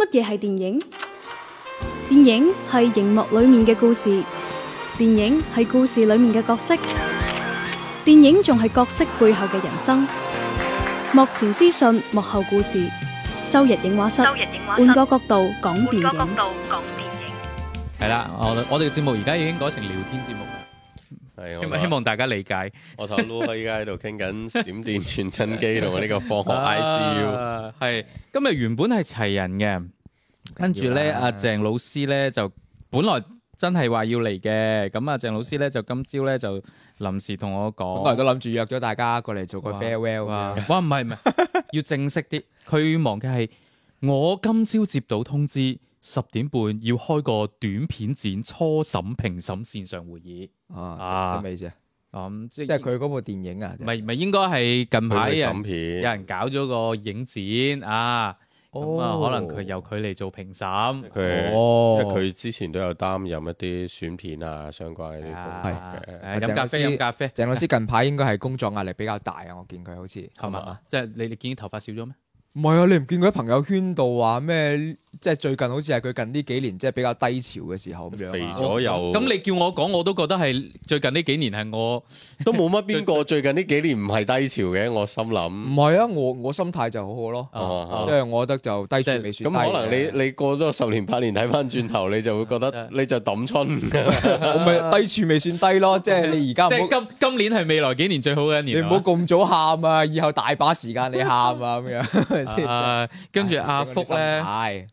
乜嘢係電影？電影係熒幕裏面嘅故事，電影係故事裏面嘅角色，電影仲係角色背後嘅人生。幕前資訊，幕後故事。周日映畫室，換個角度講電影。係啦，我哋我哋嘅節目而家已經改成聊天節目。係，因為希望大家理解。 我頭先依家，喺度傾緊閃電傳真機同埋呢個放學 ICU、 啊。係，今日原本係齊人嘅，跟住咧阿鄭老師咧 就本來真係話要嚟嘅，咁啊鄭老師咧 就今朝咧就臨時同我講，我都諗住約咗大家過嚟做個 farewell 啊。哇，唔係唔係， 要正式啲。佢忙嘅，係，我今朝接到通知。十點半要開個短片展初審評審線上會議啊？咩意思啊？即係佢嗰部電影啊？唔係應該係近排有審片，有人搞咗個影展啊？咁啊，可能佢由佢嚟做評審。佢哦，即係佢之前都有擔任一啲選片啊，相關嘅工作嘅。飲咖啡，飲咖啡。鄭老師近排應該係工作壓力比較大啊，我見佢好似係嘛？即係你你見頭髮少咗咩？唔係啊！你唔見佢喺朋友圈度話咩？即係最近好似係佢近呢幾年即係比較低潮嘅時候咁樣。肥咗又咁，你叫我講，我都覺得係最近呢幾年係我都冇乜邊個最近呢幾年唔係低潮嘅。我心諗唔係啊！我我心態就好好咯，啊、即係我覺得就低處未算低。咁、啊啊、可能你你過咗十年八年睇返轉頭，你就會覺得你就抌春。唔係、啊、 低處未算低咯。即係你而家今今年係未來幾年最好嘅一年。你唔好咁早喊啊！以後大把時間你喊啊咁樣。 誒，跟住阿福咧，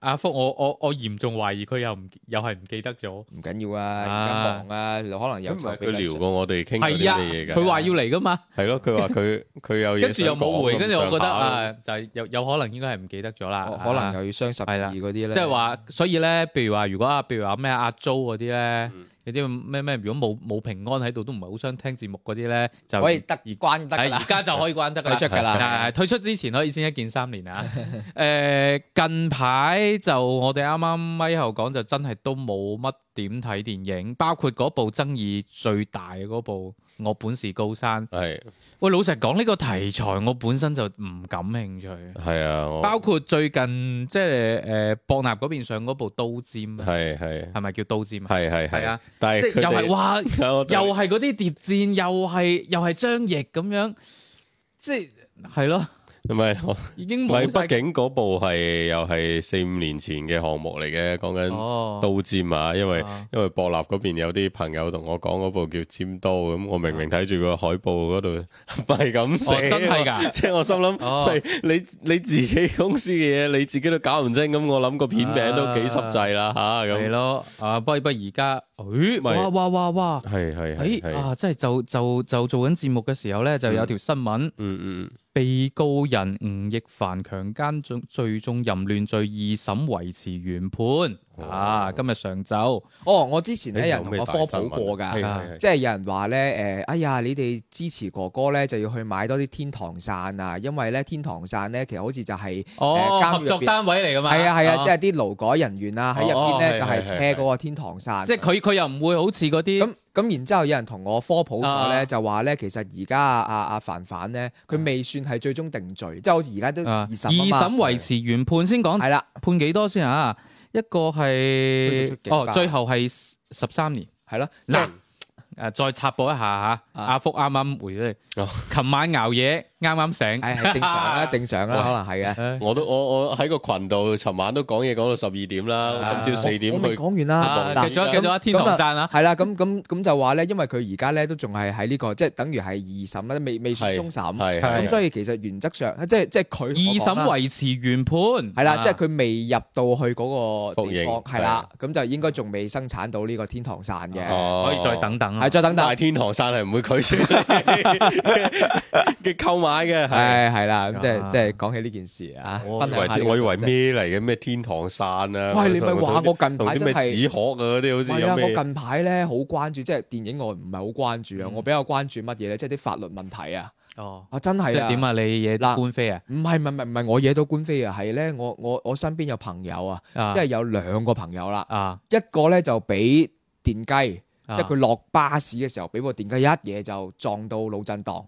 阿福我我我嚴重懷疑佢又唔又係唔記得咗，唔緊要啊，忙啊，可能有佢聊過我哋傾嗰啲，佢話要嚟噶嘛，係咯，佢話佢佢有，跟住又冇回，跟住我覺得誒，就係有有可能應該係唔記得咗啦，可能又要雙十二嗰啲咧，即係話，所以咧，譬如話如果啊，譬如話咩阿租嗰啲咧。有啲咩咩？如果冇冇平安喺度，都唔係好想聽節目嗰啲咧，就可以突然關得噶啦，而家、哎、就可以關得退 出噶啦。係係 退出之前可以先一鍵三連啊。誒、 呃、近排就我哋啱啱咪後講就真係都冇乜點睇電影，包括嗰部爭議最大嘅嗰部。我本是高山，係喂，老實講呢個題材我本身就唔感興趣，係啊，包括最近即係誒博納嗰邊上嗰部刀尖，係係係咪叫刀尖？係係係啊，但係又係話又係嗰啲諜戰，又係又係張譯咁樣，即係係咯。因為，咪畢竟嗰部係又係四五年前嘅項目嚟嘅，講緊刀尖嘛。因為、啊、因為博納嗰邊有啲朋友同我講嗰部叫《尖刀》，咁我明明睇住個海報嗰度係咁寫，真係噶。即係我心諗，啊、你你自己公司嘅嘢，你自己都搞唔清，咁我諗個片名都幾濕滯啦吓。咁係咯。啊，不過而家，咦、啊哎？哇哇哇哇！係係係係啊！即係就就就，就做緊節目嘅時候咧，就有條新聞、嗯。嗯嗯。被告人吳亦凡強姦罪最終淫亂罪，二審維持原判。啊！今日上晝，哦，我之前咧有人同我科普過噶，即係有人話咧，誒，哎呀，你哋支持哥哥咧就要去買多啲天堂傘啊，因為咧天堂傘咧其實好似就係哦監獄合作單位嚟噶嘛，係啊係啊，即係啲勞改人員啊喺入邊咧就係車嗰個天堂傘，即係佢佢又唔會好似嗰啲咁咁。然之後有人同我科普過咧，就話咧其實而家阿阿凡凡咧佢未算係最終定罪，即係好似而家都二審二審維持原判先講係啦，判幾多先啊？一個係哦，最後係十三年，係咯了。嗱但，誒再插播一下嚇，啊、阿福啱啱回嚟，琴晚熬夜。啱啱醒，係正常啦，正常啦，可能係嘅。我都我我喺個群度，尋晚都講嘢講到十二點啦，今朝四點去。講完啦，去咗去天堂傘啦。係啦，咁咁咁就話咧，因為佢而家咧都仲係喺呢個，即係等於係二審啦，未未算終審。係係。咁所以其實原則上，即係即係佢二審維持原判。係啦，即係佢未入到去嗰個复型，係啦，咁就應該仲未生產到呢個天堂傘嘅，可以再等等啦。係再等等，天堂傘係唔會拒絕嘅購買。係嘅，係係啦，即係即係講起呢件事啊！我以為咩嚟嘅？咩天堂傘啊！喂，你咪話我近排真係同啲咩紙殼嗰啲好似有啊，我近排咧好關注，即係電影我唔係好關注啊，我比較關注乜嘢咧？即係啲法律問題啊！哦，啊真係啊！點啊？你惹官非啊？唔係唔係唔係我惹都官非啊！係咧，我我我身邊有朋友啊，即係有兩個朋友啦，一個咧就俾電雞，即係佢落巴士嘅時候俾個電雞一嘢就撞到腦震盪。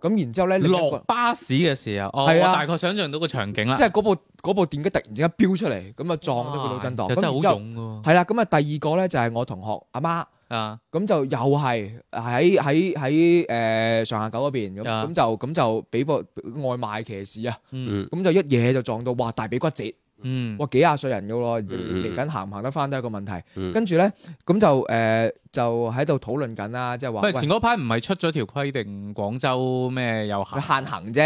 咁然之後咧你落巴士嘅時候，哦啊、我大概想像到個場景啦。即係嗰部嗰部電雞突然之間飆出嚟，咁啊撞到佢腦震盪。真係好勇喎、啊！係啦，咁啊第二個咧就係我同學阿媽。媽媽啊，咁、呃啊、就又係喺喺喺誒上下九嗰邊咁，咁就咁就俾個外賣騎士啊，咁、嗯、就一嘢就撞到，哇大髀骨折。嗯，哇，幾廿歲人噶咯，嚟緊行唔行得翻都係一個問題。跟住咧，咁就誒，就喺度討論緊啦，即係話。喂，前嗰排唔係出咗條規定，廣州咩有限行啫？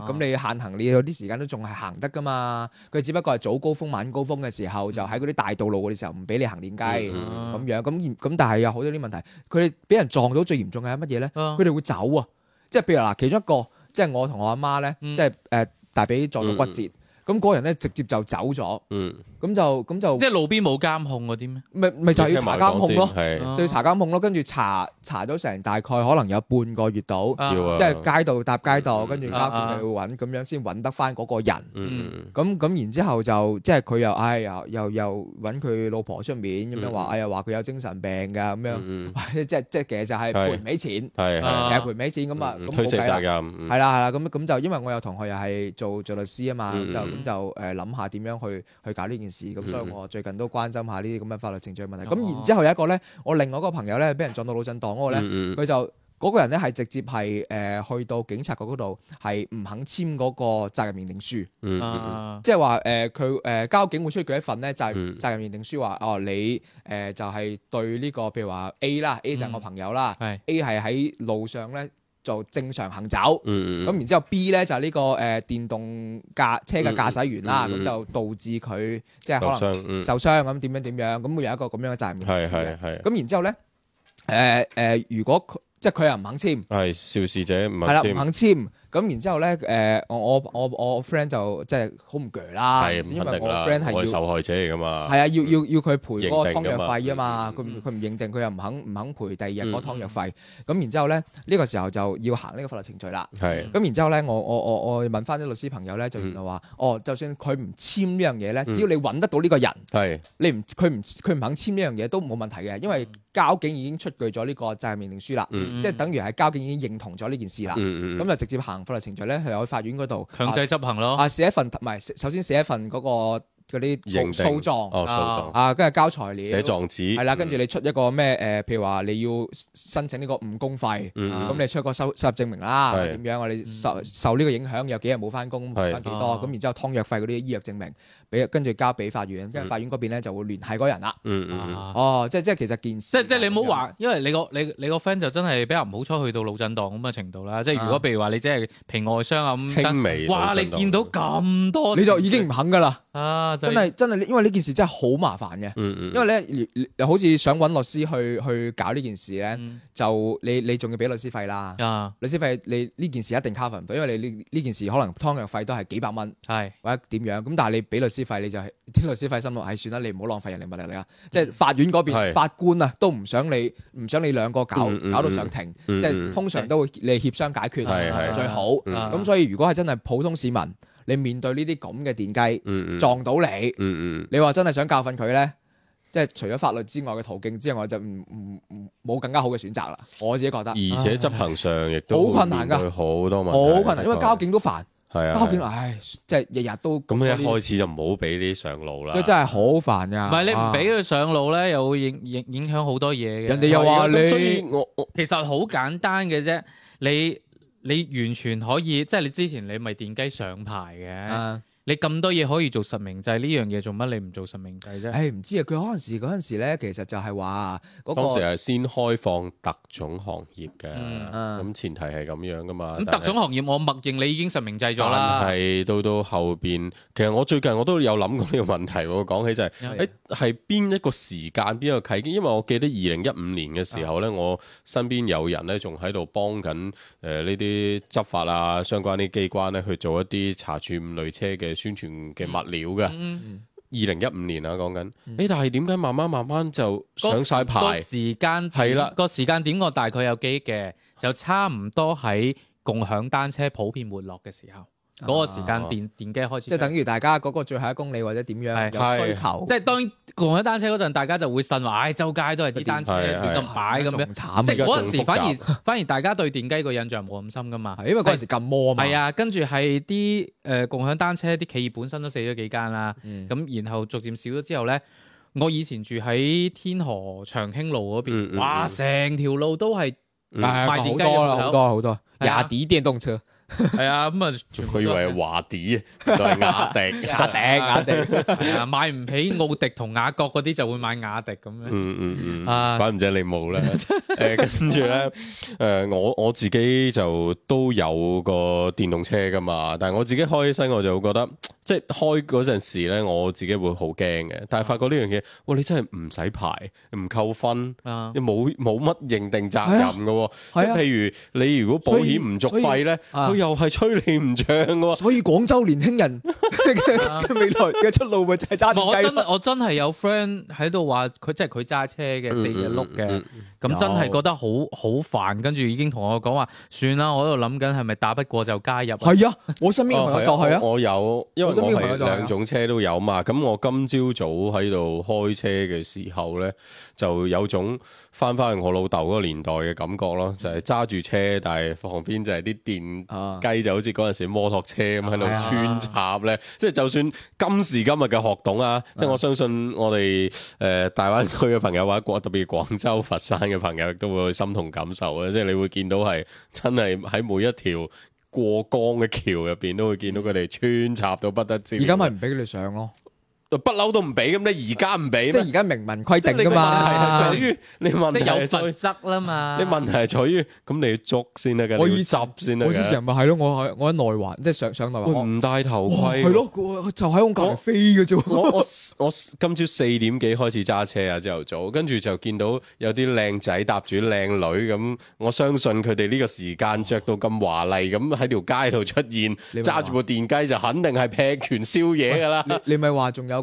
咁你限行，你有啲時間都仲係行得噶嘛？佢只不過係早高峰、晚高峰嘅時候，就喺嗰啲大道路嘅時候唔俾你行電雞咁樣。咁咁但係有好多啲問題，佢哋俾人撞到最嚴重嘅係乜嘢咧？佢哋會走啊！即係譬如嗱，其中一個，即係我同我阿媽咧，即係誒，大髀撞到骨折。咁個人咧，直接就走咗。嗯。咁就咁就即係路邊冇監控嗰啲咩？咪咪就要查監控咯，就要查監控咯。跟住查查咗成大概可能有半個月到，即係街道搭街道，跟住監控佢揾，咁樣先揾得翻嗰個人。咁咁然之後就即係佢又，哎呀，又又揾佢老婆出面咁樣話，哎呀話佢有精神病㗎咁樣，即係即係其實就係賠唔起錢，係係賠唔起錢咁啊，退息啦，係啦係啦咁咁就因為我有同學又係做做律師啊嘛，就咁就誒諗下點樣去去搞呢件事。咁、嗯、所以我最近都關心下呢啲咁嘅法律程序問題。咁、哦、然之後有一個咧，我另外一個朋友咧，俾人撞到腦震盪嗰個咧，佢、嗯、就嗰、嗰個人咧係直接係誒、呃、去到警察局嗰度係唔肯簽嗰個責任認定書，嗯嗯、即係話誒佢誒交警會出佢一份咧就係責任認定書，話哦你誒、呃、就係、是、對呢、呢個譬如話 A 啦，A 就係我朋友啦、嗯、，A 係喺路上咧。做正常行走，咁、嗯、然之後 B 咧就係、是、呢、這個誒、呃、電動駕車嘅駕駛員啦，咁、嗯嗯、就導致佢即係可能受傷咁點樣點樣，咁會有一個咁樣嘅責任。係係係。咁然之後咧，誒、呃、誒，如果佢即係佢又唔肯簽，係肇事者唔肯簽。咁然之後咧，誒，我我我我 friend 就即係好唔鋸啦，因為我 friend 係唔得啦，我係受害者嚟噶嘛，係啊，要要要佢賠嗰個湯藥費啊嘛，佢佢唔認定，佢又唔肯唔肯賠第二日嗰湯藥費。咁然之後咧，呢個時候就要行呢個法律程序啦。咁然之後咧，我我我我問翻啲律師朋友咧，就原來話，哦，就算佢唔簽呢樣嘢咧，只要你揾得到呢個人，係，你唔佢唔佢唔肯簽呢樣嘢都冇問題嘅，因為交警已經出具咗呢個責任認定書啦，即係等於係交警已經認同咗呢件事啦，嗯咁就直接行法律程序咧，係喺法院嗰度強制執行咯。啊，寫一份唔係，首先寫一份嗰、嗰個嗰啲訴狀。哦，訴狀啊，跟住交材料。寫狀紙。係啦，跟住你出一個咩？誒、嗯，譬、呃、如話你要申請呢個誤工費，咁、嗯、你出一個收收入證明啦，點是樣啊？你受受呢個影響有幾日冇返工，返幾多？咁是、啊、然之後湯藥費嗰啲醫藥證明。跟住交俾法院，即係法院嗰邊咧就會聯繫嗰人啦。哦，即係即係其實件事。即即係你唔好話，因為你個你你個 friend 就真係比較唔好彩去到腦震盪咁嘅程度啦。即係如果譬如話你真係皮外傷啊咁輕微，哇！你見到咁多你就已經唔肯噶啦。啊，真係真係因為呢件事真係好麻煩嘅。因為咧好似想揾律師去去搞呢件事咧，就你你仲要俾律師費啦。律師費你呢件事一定 cover 唔到，因為你呢件事可能湯藥費都係幾百蚊，係或者點樣咁，但係你俾律師。費你就係、是、天律師費心咯，哎，算啦，你唔好浪費人力物力啦。即係法院嗰邊是法官啊，都唔想你唔想你兩個搞、嗯嗯、搞到上庭，嗯嗯、即係通常都會你協商解決係、嗯嗯、最好。咁、嗯嗯、所以如果係真係普通市民，你面對呢啲咁嘅電雞撞到你，嗯嗯嗯嗯、你話真係想教訓佢咧，即係除咗法律之外嘅途徑之外，就唔唔冇更加好嘅選擇啦。我自己覺得，而且執行上亦都好困難噶，好多問題，好困難，因為交警都煩。係是啊邊，唉，即係日日都咁一開始就唔好俾啲上路啦、啊。佢真係好煩㗎。唔係你唔俾佢上路咧，啊、又會影影影響好多嘢嘅、啊。人哋又話你，所以我其實好簡單嘅啫。你你完全可以，即係你之前你咪電雞上牌嘅。啊。你咁多嘢可以做實名制，呢樣嘢做乜你唔做實名制啫？誒唔、哎、知啊，佢嗰陣時嗰陣時咧，其實就係話嗰個當時係先開放特種行業嘅，咁、嗯嗯、前提係咁樣噶嘛。咁、嗯、是特種行業我默認你已經實名制咗啦。係到到後邊，其實我最近我都有諗過呢個問題，我講 起就係、是，誒、oh, yeah. 欸，係邊一個時間邊一個契機，因為我記得二零一五年嘅時候咧，嗯、我身邊有人咧仲喺度幫緊誒呢啲執法啊，相關啲機關咧去做一啲查處五類車嘅。宣傳嘅物料嘅，二零一五年啊，講緊、嗯，誒但係點解慢慢慢慢就上晒牌時間係啦，個時間點我大概有記嘅，就差唔多喺共享單車普遍沒落嘅時候。嗰個時間電電雞開始，即係等於大家嗰個最後一公里或者點樣有需求。即係當共享單車嗰陣，大家就會呻話，唉，周街都係啲單車亂咁擺咁樣。慘，即係嗰陣時反而反而大家對電雞個印象冇咁深噶嘛。因為嗰陣時禁摩啊嘛。係啊，跟住係啲誒共享單車啲企業本身都死咗幾間啦。咁然後逐漸少咗之後咧，我以前住喺天河長興路嗰邊，哇，成條路都係賣電雞好多好多好多雅迪電動車。係啊，咁啊，佢以為係華迪，就係雅迪，雅迪雅迪，係啊，買唔起奧迪同雅閣嗰啲，就會買雅迪咁樣嗯。嗯嗯嗯，怪唔知你冇啦。誒、 欸，跟住咧，誒、 呃，我我自己就都有個電動車噶嘛，但係我自己開起身，我就會覺得。即係開嗰陣時咧，我自己會好驚嘅。但係發覺呢樣嘢，哇！你真係唔使排，唔扣分，你冇冇乜認定責任㗎。啊啊、即譬如你如果保險唔續費咧，佢又係催你唔漲㗎。所以廣、啊、州年輕人。 未來嘅出路咪就係揸電雞？我真我真係有 friend 喺度話，佢即係佢揸車嘅四隻轆嘅，咁、嗯嗯嗯、真係覺得好好煩。跟住已經同我講話，算啦，我喺度諗緊係咪打不過就加入、啊？係啊，我身邊朋友就係啊 我，我有因為我係、啊、兩種車都有嘛。咁我今朝早喺度開車嘅時候咧，就有種翻返去我老豆嗰個年代嘅感覺咯，就係揸住車，但係旁邊就係啲電雞，就好似嗰陣時摩托車咁喺度穿插咧。 即係就算今時今日嘅學懂啊，的即係我相信我哋誒大灣區嘅朋友，或者國特別廣州、佛山嘅朋友都會心同感受啊！即係你會見到係真係喺每一條過江嘅橋入邊，都會見到佢哋穿插到不得了。而家咪唔俾佢哋上咯～不嬲都唔俾，咁你而家唔俾？即係而家明文規定噶嘛。你問題係在於，你問你有罰則啦嘛。你問題係在於，咁你捉先啦，我要集先啦。我以前咪係咯，我喺我喺內環，即係上上內環，唔戴頭盔。係咯，就喺空格飛嘅啫。我我今朝四點幾開始揸車啊，朝頭早，跟住就見到有啲靚仔搭住靚女咁，我相信佢哋呢個時間着到咁華麗咁喺條街度出現，揸住部電雞就肯定係劈拳宵夜噶啦。你你咪話仲有？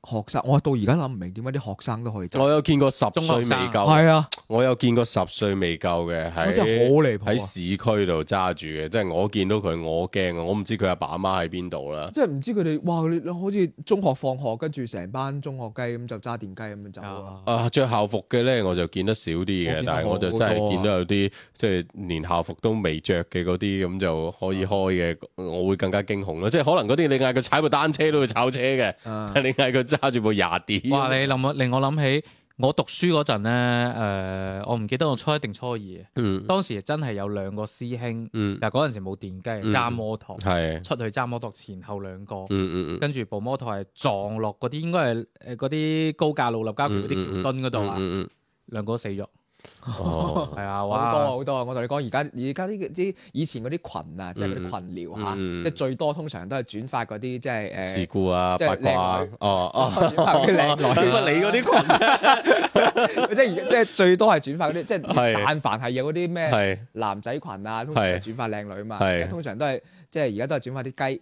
學生，我到而家諗唔明點解啲學生都可以走。我有見過十歲未夠，係啊，我有見過十歲未夠嘅，真係好離譜啊。喺市區度揸住嘅，即係我見到佢，我驚啊！我唔知佢阿爸阿媽喺邊度啦。即係唔知佢哋，哇！好似中學放學，跟住成班中學雞咁就揸電雞咁樣走啊。啊，着校服嘅咧，我就見得少啲嘅，好好，但係我就真係見到有啲即係連校服都未着嘅嗰啲咁就可以開嘅，啊，我會更加驚恐咯。即係可能嗰啲你嗌佢踩部單車都會炒車嘅，你嗌佢。揸住部廿 D，哇！你令我令我諗起我讀書嗰陣咧，誒、呃，我唔記得我初一定初二，嗯、當時真係有兩個師兄，但係嗰陣時冇電雞揸摩托，嗯、出去揸摩托前後兩個，跟住、嗯嗯嗯、部摩托係撞落嗰啲應該係誒嗰啲高架路立交橋嗰啲橋墩嗰度啊，兩、嗯嗯嗯嗯嗯嗯嗯、個死咗。係、oh, 啊，好多好多，我同你講，而家而家啲啲以前嗰啲群啊，就是嗯嗯、即係嗰啲群聊吓，即係最多通常都係轉發嗰啲、呃啊、即係誒，事故啊八卦哦哦，轉發啲靚女，你啲群，啊、即係即係最多係轉發嗰啲即係但凡係有嗰啲咩男仔群啊，通常係轉發靚女嘛，是是通常都係即係而家都係轉發啲雞。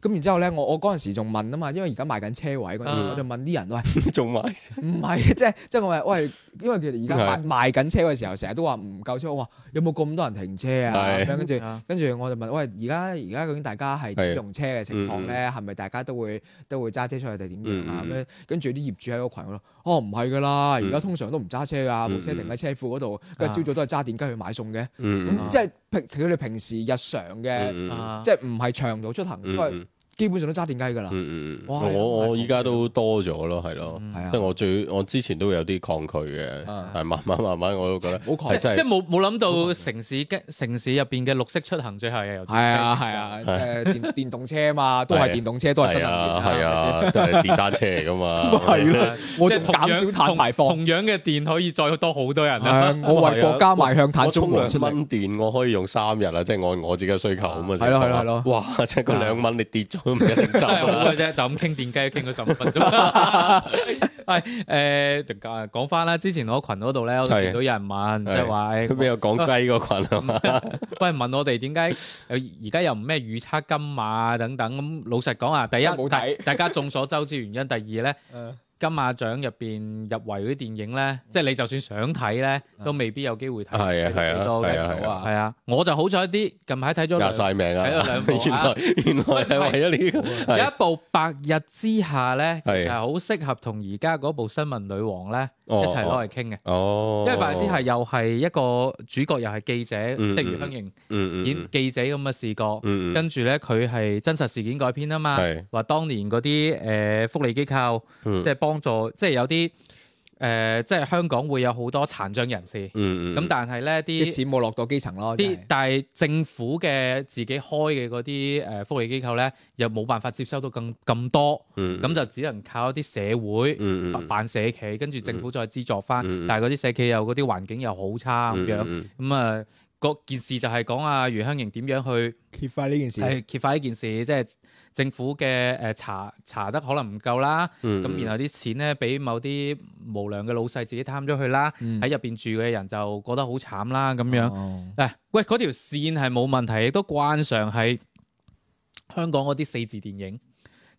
咁然之後咧，我我嗰陣時仲問啊嘛，因為而家賣緊車位嗰陣時，啊、我就問啲人都係：仲買、就是、賣？唔係是，即係即係我係我因為佢哋而家賣賣緊車嘅時候，成日都話唔夠車。我話有冇咁多人停車啊？跟住跟住，後啊、我就問：喂，而家而家究竟大家係點用車嘅情況咧？係咪、嗯、大家都會都會揸車出去定點樣啊？跟住啲業主喺個群度，哦唔係噶啦，而家通常都唔揸車噶，部車停喺車庫嗰度，跟住朝早都係揸電雞去買餸嘅。嗯嗯。即係。佢哋平，平時日常嘅，嗯嗯即係唔係長途出行。嗯嗯因為基本上都揸電雞噶啦，嗯嗯嗯，我我依家都多咗咯，係咯，即係我最我之前都會有啲抗拒嘅，但係慢慢慢慢我都覺得，即係即係冇冇諗到城市嘅城市入邊嘅綠色出行最後又係啊係啊，誒電電動車啊嘛，都係電動車都係啊係啊，都係電單車嚟噶嘛，係我即係減少碳排放，同樣嘅電可以再多好多人我為國家邁向碳中和出嚟，電我可以用三日啊！即係按我自己嘅需求咁啊，係咯，係咯，係咯，哇！即係個兩蚊你跌咗。佢唔一定走嘅啫，就咁傾電雞傾咗十五分鐘。係 誒樂，講翻啦，之前我群嗰度咧，我見到有人問，即係話佢邊有講雞個群啊？喂，問我哋點解而家又唔咩預測金馬等等？咁老實講啊，第一，大家眾所周知原因。第二咧，嗯。金馬獎入邊入圍嗰啲電影咧，即係你就算想睇咧，都未必有機會睇，睇到幾多嘅。係啊，我就好彩啲，近排睇咗。壓晒命啊！睇咗兩部。原來原來係為咗呢個。有一部《白日之下》咧，其實好適合同而家嗰部《新聞女王》咧。哦、一齊攞嚟傾嘅。哦、因為《白日之下》係又係一個主角，又係記者，嗯、即係餘香凝演，嗯嗯、記者咁嘅視角，嗯嗯、跟住咧佢係真實事件改編啊嘛，話是當年嗰啲誒福利機構即係幫助，即、就、係、是、有啲。誒、呃，即係香港會有好多殘障人士，咁、嗯、但係咧啲錢冇落到基層咯，啲但係政府嘅自己開嘅嗰啲誒福利機構咧，又冇辦法接收到更咁多，咁、嗯、就只能靠一啲社會、嗯、辦社企，跟住政府再資助翻，嗯嗯、但係嗰啲社企又嗰啲環境又好差咁樣。咁啊、嗯、～、嗯嗯嗯嗯件事就係講啊，余香凝點樣去揭發呢件事？係揭發呢件事，即係政府嘅誒、呃、查查得可能唔夠啦。咁、嗯、然後啲錢咧，俾某啲無良嘅老細自己貪咗去啦。喺入邊住嘅人就覺得好慘啦。咁樣嗱、哦哎，喂，嗰條線係冇問題，亦都慣常係香港嗰啲四字電影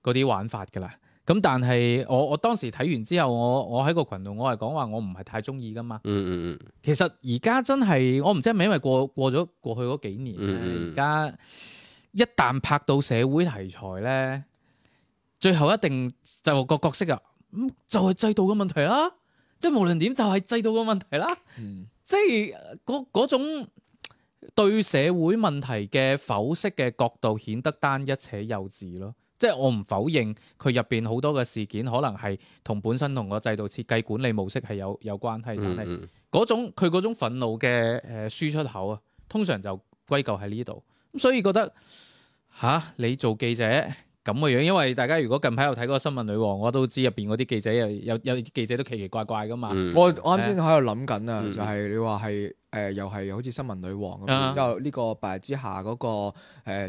嗰啲玩法噶啦。咁但係我我當時睇完之後，我我喺個群度，我係講話我唔係太中意噶嘛。嗯嗯嗯。其實而家真係，我唔知係咪因為過過咗過去嗰幾年，而家、嗯嗯、一旦拍到社會題材咧，最後一定就個角色啊，咁、嗯、就係、是、制度嘅問題啦。即係無論點，就係、是、制度嘅問題啦。嗯、即係嗰嗰種對社會問題嘅剖析嘅角度顯得單一且幼稚咯。即係我唔否認佢入邊好多嘅事件可能係同本身同個制度設計管理模式係有有關係，嗯嗯，但係嗰種佢嗰種憤怒嘅誒輸出口啊，通常就歸咎喺呢度。咁所以覺得吓你做記者咁嘅樣，樣，因為大家如果近排有睇嗰個新聞女王，我都知入邊嗰啲記者有有有啲記者都奇奇怪怪噶嘛。嗯嗯，我啱先喺度諗緊啊，嗯，就係你話係。誒又係好似新聞女王咁，之後呢個白日之下嗰個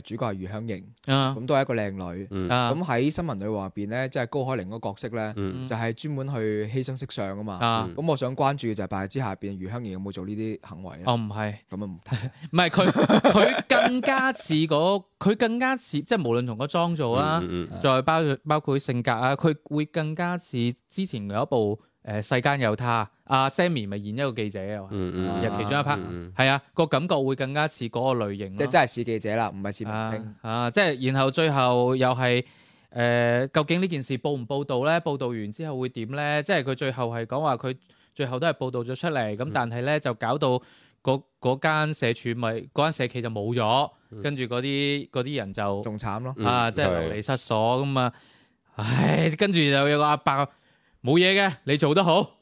主角係余香凝，咁、啊、都係一個靚女。咁喺、嗯嗯、新聞女王入邊咧，即、就、係、是、高海寧嗰個角色咧，就係專門去犧牲色相啊嘛。咁、嗯嗯、我想關注嘅就係白日之下入邊余香凝有冇做呢啲行為咧？哦，唔係，咁啊唔係，唔係佢佢更加似嗰、那個，佢 更加似即係無論從個裝造啦，再包包括性格啊，佢會更加似之前有一部。誒世間有他，阿、啊、Sammy 咪演一個記者嘅、嗯嗯啊、其中一 part，係、嗯嗯、啊、個感覺會更加似嗰個類型，即係真係似記者啦，唔係似明星啊，啊！即係然後最後又係誒、呃，究竟呢件事報唔報道咧？報道完之後會點咧？即係佢最後係講話佢最後都係報道咗出嚟，咁、嗯、但係咧就搞到嗰間社署咪嗰間社企就冇咗，跟住嗰啲啲人就仲慘咯啊！即係流離失所咁啊！嗯、是唉，跟住又有個阿伯。冇嘢嘅，你做得好，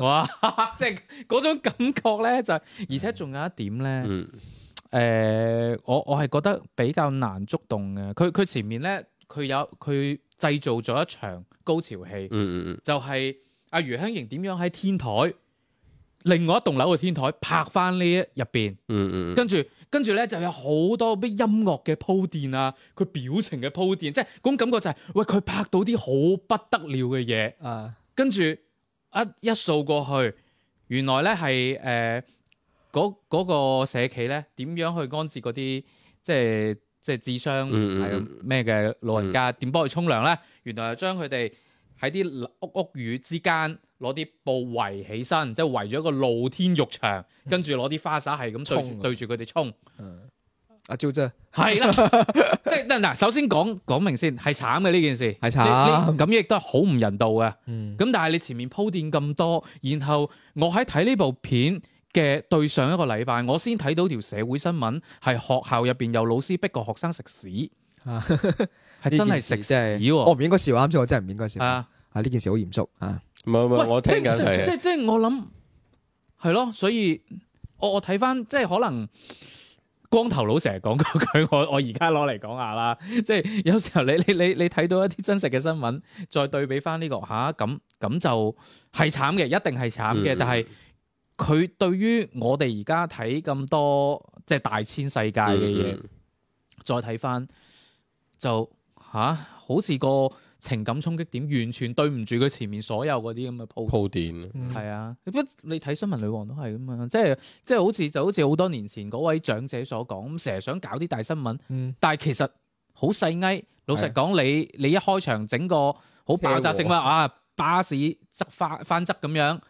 哇、 就是！即係嗰種感覺咧，就係、是、而且仲有一點咧，誒、嗯呃，我我係覺得比較難觸動嘅。佢佢前面咧，佢有佢製造咗一場高潮戲，嗯嗯嗯，就係、是、阿余香瑩點樣喺天台，另外一棟樓嘅天台拍翻呢一入邊，嗯嗯，跟住跟住咧就有好多啲音樂嘅鋪墊啊，佢表情嘅鋪墊，即係嗰種感覺就係、是、喂，佢拍到啲好不得了嘅嘢啊！嗯跟住一一掃過去，原來咧係誒嗰個社企咧點樣去安置嗰啲即係即係智障係咩嘅老人家點、嗯、幫佢沖涼咧？原來係將佢哋喺啲屋屋宇之間攞啲布圍起身，即係圍咗個露天浴場，跟住攞啲花灑係咁對住的對住佢哋沖。嗯阿就姐，係啦、啊，即係嗱嗱，首先講講明先，係慘嘅呢件事，係慘、啊，咁亦都係好唔人道嘅。咁、嗯、但係你前面鋪墊咁多，然後我喺睇呢部片嘅對上一個禮拜，我先睇到條社會新聞，係學校入邊有老師逼個學生食屎，係、 就是、真係食屎。我唔應該笑，啱先我真係唔應該笑啊，啊！啊，呢件事好嚴肅啊！唔係唔係，我聽緊係即係即係我諗係咯，所以我所以我睇翻，即係可能。光頭佬成日講嗰句，我我而家攞嚟講下啦，即係有時候你你你你睇到一啲真實嘅新聞，再對比翻、這、呢個嚇咁咁就係慘嘅，一定係慘嘅。嗯、但係佢對於我哋而家睇咁多即係大千世界嘅嘢，嗯、再睇翻就嚇、啊、好似個。情感衝擊點完全對唔住佢前面所有嗰啲咁嘅鋪鋪墊。店係啊。嗯、你睇新聞女王都係咁樣，即係即係好似就好似好多年前嗰位長者所講咁，成日想搞啲大新聞，嗯、但係其實好細埃。老實講，啊、你你一開場整個好爆炸性話啊巴士側翻翻側咁樣，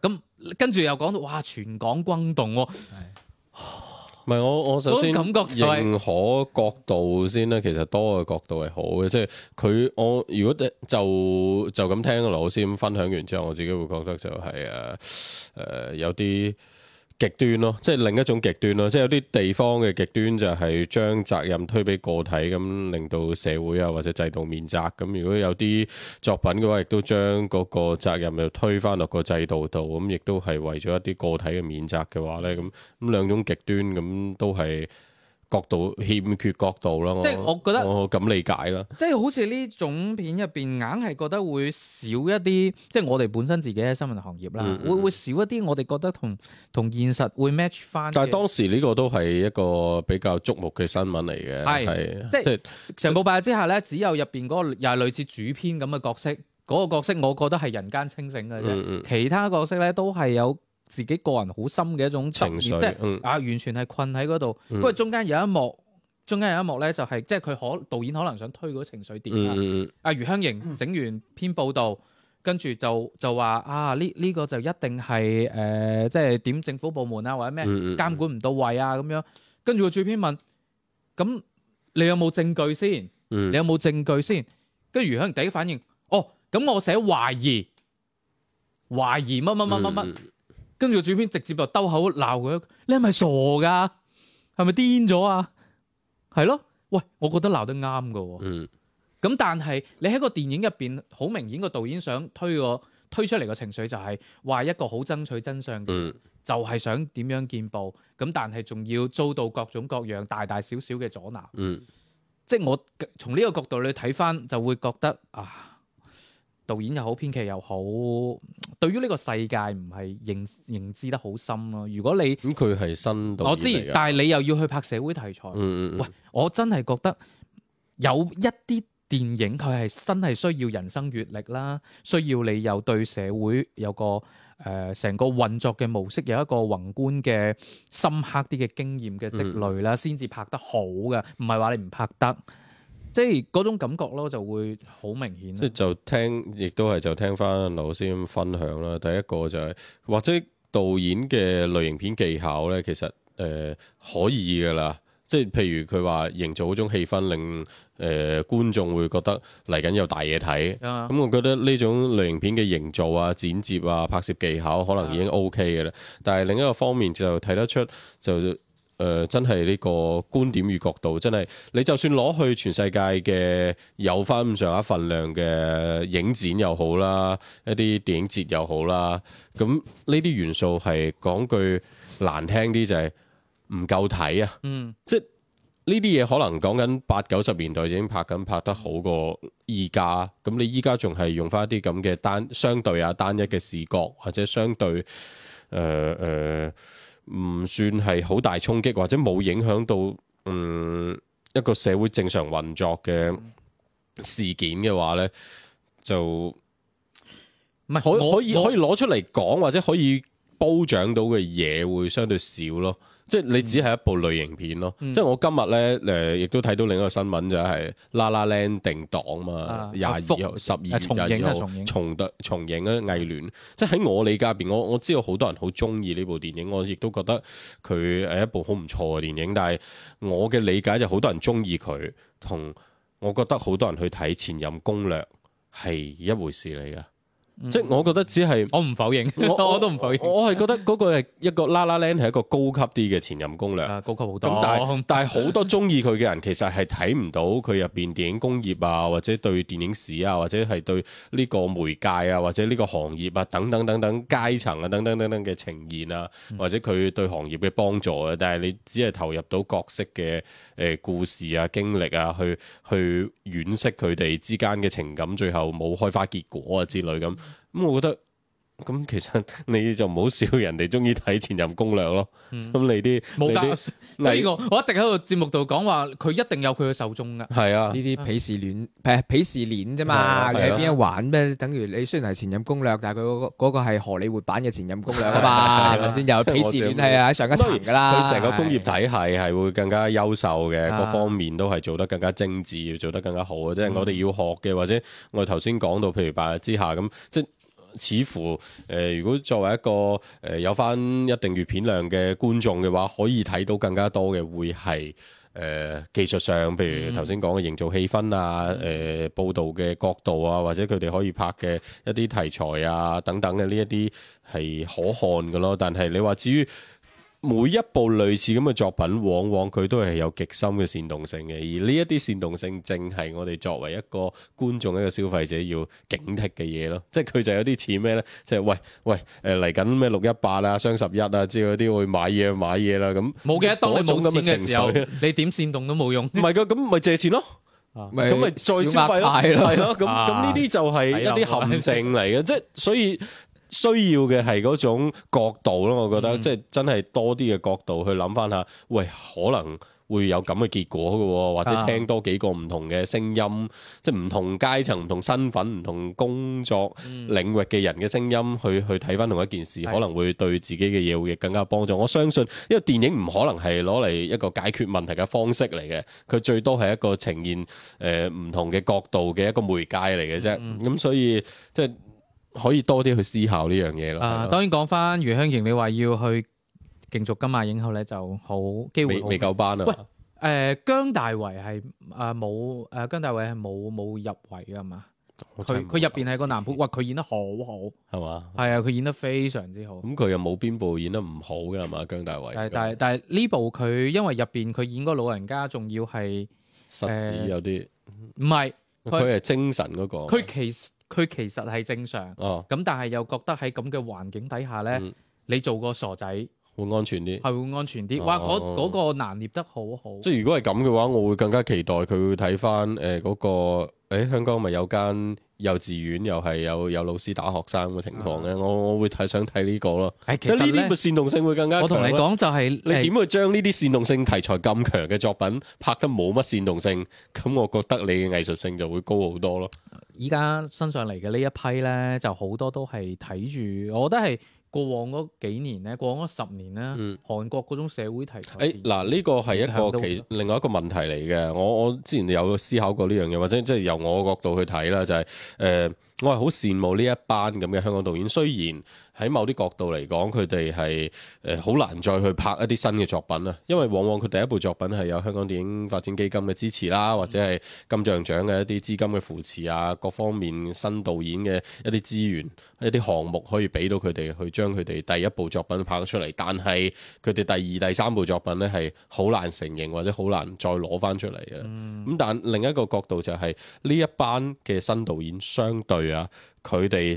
咁跟住又講到哇全港轟動喎，啊。唔係我我首先認可角度先啦，其實多個角度係好嘅。即係佢我如果就就咁聽老師咁分享完之後，我自己會覺得就係誒誒有啲。極端咯，即係另一種極端咯，即係有啲地方嘅極端就係將責任推俾個體咁，令到社會啊或者制度免責咁。如果有啲作品嘅話，亦都將嗰個責任又推返落個制度度，咁亦都係為咗一啲個體嘅免責嘅話咧，咁咁兩種極端咁都係。角度欠缺角度咯，即係我覺得，我咁理解啦。即係好似呢種片入邊，硬係覺得會少一啲，即係我哋本身自己嘅新聞行業啦，會、嗯嗯、會少一啲我哋覺得同同現實會 match 翻。但係當時呢個都係一個比較矚目嘅新聞嚟嘅，係，即係成部白日之下咧，只有入邊嗰個又係類似主編咁嘅角色，嗰個角色我覺得係人間清醒嘅啫，嗯嗯其他角色咧都係有。自己個人好深嘅一種情緒，即係是、嗯、啊，完全係困喺嗰度。不過、嗯、中間有一幕，嗯、中間有一幕咧、就是，就係即係佢可導演可能想推嗰個情緒點啦。阿、嗯啊、余香凝整、嗯、完篇報道，跟住就就話啊，呢呢、這個就一定係誒、呃，即係點政府部門啊，或者咩監管唔到位啊咁樣。跟住個主編問，咁、嗯、你有冇證據先？嗯、你有冇證據先？跟住、嗯、余香凝第一反應，哦，咁、哦哦、我寫懷疑，懷疑乜乜乜乜乜。嗯跟住主編直接就兜口鬧佢，你係咪傻噶？係咪癲咗啊？係咯？喂，我覺得鬧得啱噶。咁、嗯、但係你喺個電影入邊，好明顯個導演想推個推出嚟個情緒、就是，就係話一個好爭取真相嘅，嗯、就係想點樣見報。咁但係仲要遭到各種各樣大大小小嘅阻撓。嗯、即係我從呢個角度你睇翻，就會覺得啊。導演又好，編劇又好，對於呢個世界唔係認認知得好深咯。如果你咁佢係新導，我知，但係你又要去拍社會題材。嗯嗯嗯。喂，我真係覺得有一啲電影佢係真係需要人生閲歷啦，需要你有對社會有個誒成、呃、個運作嘅模式有一個宏觀嘅深刻啲嘅經驗嘅積累啦，先至、嗯嗯、拍得好嘅。唔係話你唔拍得。即係嗰種感覺咯，就會好明顯。即係就聽，亦都係就聽返老師咁分享啦。第一個就係、是、或者導演嘅類型片技巧咧，其實誒、呃、可以噶啦。即係譬如佢話營造嗰種氣氛令，令、呃、誒觀眾會覺得嚟緊有大嘢睇。咁 Yeah.、嗯、我覺得呢種類型片嘅營造啊、剪接啊、拍攝技巧，可能已經 O K 嘅啦。Yeah. 但係另一個方面就睇得出就。誒、呃、真係呢個觀點與角度，真係你就算攞去全世界嘅有翻咁上一咁上下份量嘅影展又好啦，一啲電影節又好啦，咁呢啲元素係講句難聽啲就係唔夠睇啊！嗯，嗯啊、嗯即呢啲嘢可能講緊八九十年代已經拍緊拍得好過而家，咁、嗯、你依家仲係用翻一啲咁嘅單相對啊單一嘅視覺或者相對誒誒。呃呃呃.唔算係好大衝擊或者冇影響到嗯，一個社會正常運作嘅事件嘅話咧，就唔係可可以可以攞出嚟講或者可以褒獎到嘅嘢會相對少咯。即係你只係一部類型片咯。嗯、即係我今日咧誒，亦、呃、都睇到另一個新聞就係《La La Land》定檔嘛，廿二、十二月廿二日重映重映啊！重映《藝聯》，即係喺我理解入邊，我我知道好多人好中意呢部電影，我亦都覺得佢係一部好唔錯嘅電影。但係我嘅理解就好多人中意佢，同我覺得好多人去睇前任攻略係一回事嚟㗎。嗯、即係我覺得只係我唔否認，我， 我，我都唔否認。 我係覺得嗰個係一個 La La Land，係一個高級啲嘅前任攻略。啊，高級好多。但係好多中意佢嘅人，其實係睇唔到佢入邊電影工業啊，或者對電影史啊，或者係對呢個媒介啊，或者呢個行業啊，等等等等階層啊，等等等等嘅呈現啊，嗯、或者佢對行業嘅幫助啊。但係你只係投入到角色嘅誒故事啊、經歷啊，去去惋惜佢哋之間嘅情感，最後冇開花結果啊之類咁。咁我覺得咁其實你就唔好笑人哋中意睇前任攻略咯。咁你啲冇噶？呢個我一直喺度節目度講話，佢一定有佢嘅受眾噶。係啊，呢啲鄙視鏈，鄙視鏈啫嘛。你喺邊一玩咩？等於你雖然係前任攻略，但係佢嗰個嗰個係荷里活版嘅前任攻略啊嘛。係咪先？有鄙視鏈係喺上一層噶啦。佢成個工業體係係會更加優秀嘅，各方面都係做得更加精致，做得更加好嘅。即係我哋要學嘅，或者我哋頭先講到譬如白日之下咁，即似乎誒、呃，如果作為一個誒有返一定閱片量嘅觀眾嘅話，可以睇到更加多嘅，會係誒技術上，譬如頭先講嘅營造氣氛啊、誒、呃、報導嘅角度啊，或者佢哋可以拍嘅一啲題材啊等等嘅呢一啲係可看嘅咯。但係你話至於，每一部類似咁嘅作品，往往佢都係有極深嘅煽動性嘅，而呢一啲煽動性，正係我哋作為一個觀眾一個消費者要警惕嘅嘢咯。即係佢就有啲似咩咧？即係喂喂誒嚟緊咩六一八啊、雙十一啊之類嗰啲，18, 21, 會買嘢買嘢啦。咁冇嘅，記得當你冇錢嘅時候，你點煽動都冇用。唔係噶，咁咪借錢咯？啊，咪再消費咯？係咯、啊，咁咁呢啲就係一啲陷阱嚟嘅，即係所以。需要嘅係嗰種角度咯，我覺得即係真係多啲嘅角度去諗翻下，喂可能會有咁嘅結果嘅，或者聽多幾個唔同嘅聲音，即係唔同階層、唔同身份、唔同工作領域嘅人嘅聲音，去去睇翻同一件事，可能會對自己嘅嘢會更加幫助。我相信，因為電影唔可能係攞嚟一個解決問題嘅方式嚟嘅，佢最多係一個呈現誒唔同嘅角度嘅一個媒介嚟嘅啫。咁所以即係。可以多啲去思考呢樣嘢咯。啊，當然講返余香凝，你話要去競逐金馬影后咧，就好機會未未夠班啊。喂，誒，姜大衛係啊冇誒，姜大衛係冇冇入圍噶嘛？佢佢入邊係個男配，哇，佢演得好好係嘛？係啊，佢演得非常之好。咁佢又冇邊部演得唔好嘅係嘛？姜大衛。但係但係呢部佢因為入邊佢演個老人家，仲要係實質有啲唔係，佢係精神嗰個。佢其實。佢其實係正常，咁、啊、但係又覺得喺咁嘅環境底下咧，嗯、你做個傻仔會安全啲，係會安全啲。啊、哇！嗰嗰、啊、個拿捏得好好。即係如果係咁嘅話，我會更加期待佢會睇返誒嗰個。誒、哎，香港咪有間幼稚園又係有有老師打學生嘅情況咧、嗯，我我會係想睇，這個哎、呢個咯，因為呢啲嘅煽動性會更加。我同你講就係、是，你點去將呢啲煽動性題材咁強嘅作品拍得冇乜煽動性？咁我覺得你嘅藝術性就會高好多咯。依家身上嚟嘅呢一批咧，就好多都係睇住，我覺得係。過往嗰幾年咧，過往嗰十年咧，嗯、韓國嗰種社會題材，誒嗱呢個係一個其，也行，其另外一個問題嚟嘅。我我之前有思考過呢樣嘢，或者即係由我個角度去睇啦，就係、是、誒。呃嗯我係好羨慕呢一班咁嘅香港導演，雖然喺某啲角度嚟講，佢哋係誒好難再去拍一啲新嘅作品啦，因為往往佢第一部作品係有香港電影發展基金嘅支持啦，或者係金像獎嘅一啲資金嘅扶持啊，各方面新導演嘅一啲資源、一啲項目可以俾到佢哋去將佢哋第一部作品拍咗出嚟，但係佢哋第二、第三部作品呢，係好難成形或者好難再攞翻出嚟嘅。咁但另一個角度就係呢一班嘅新導演相對，佢哋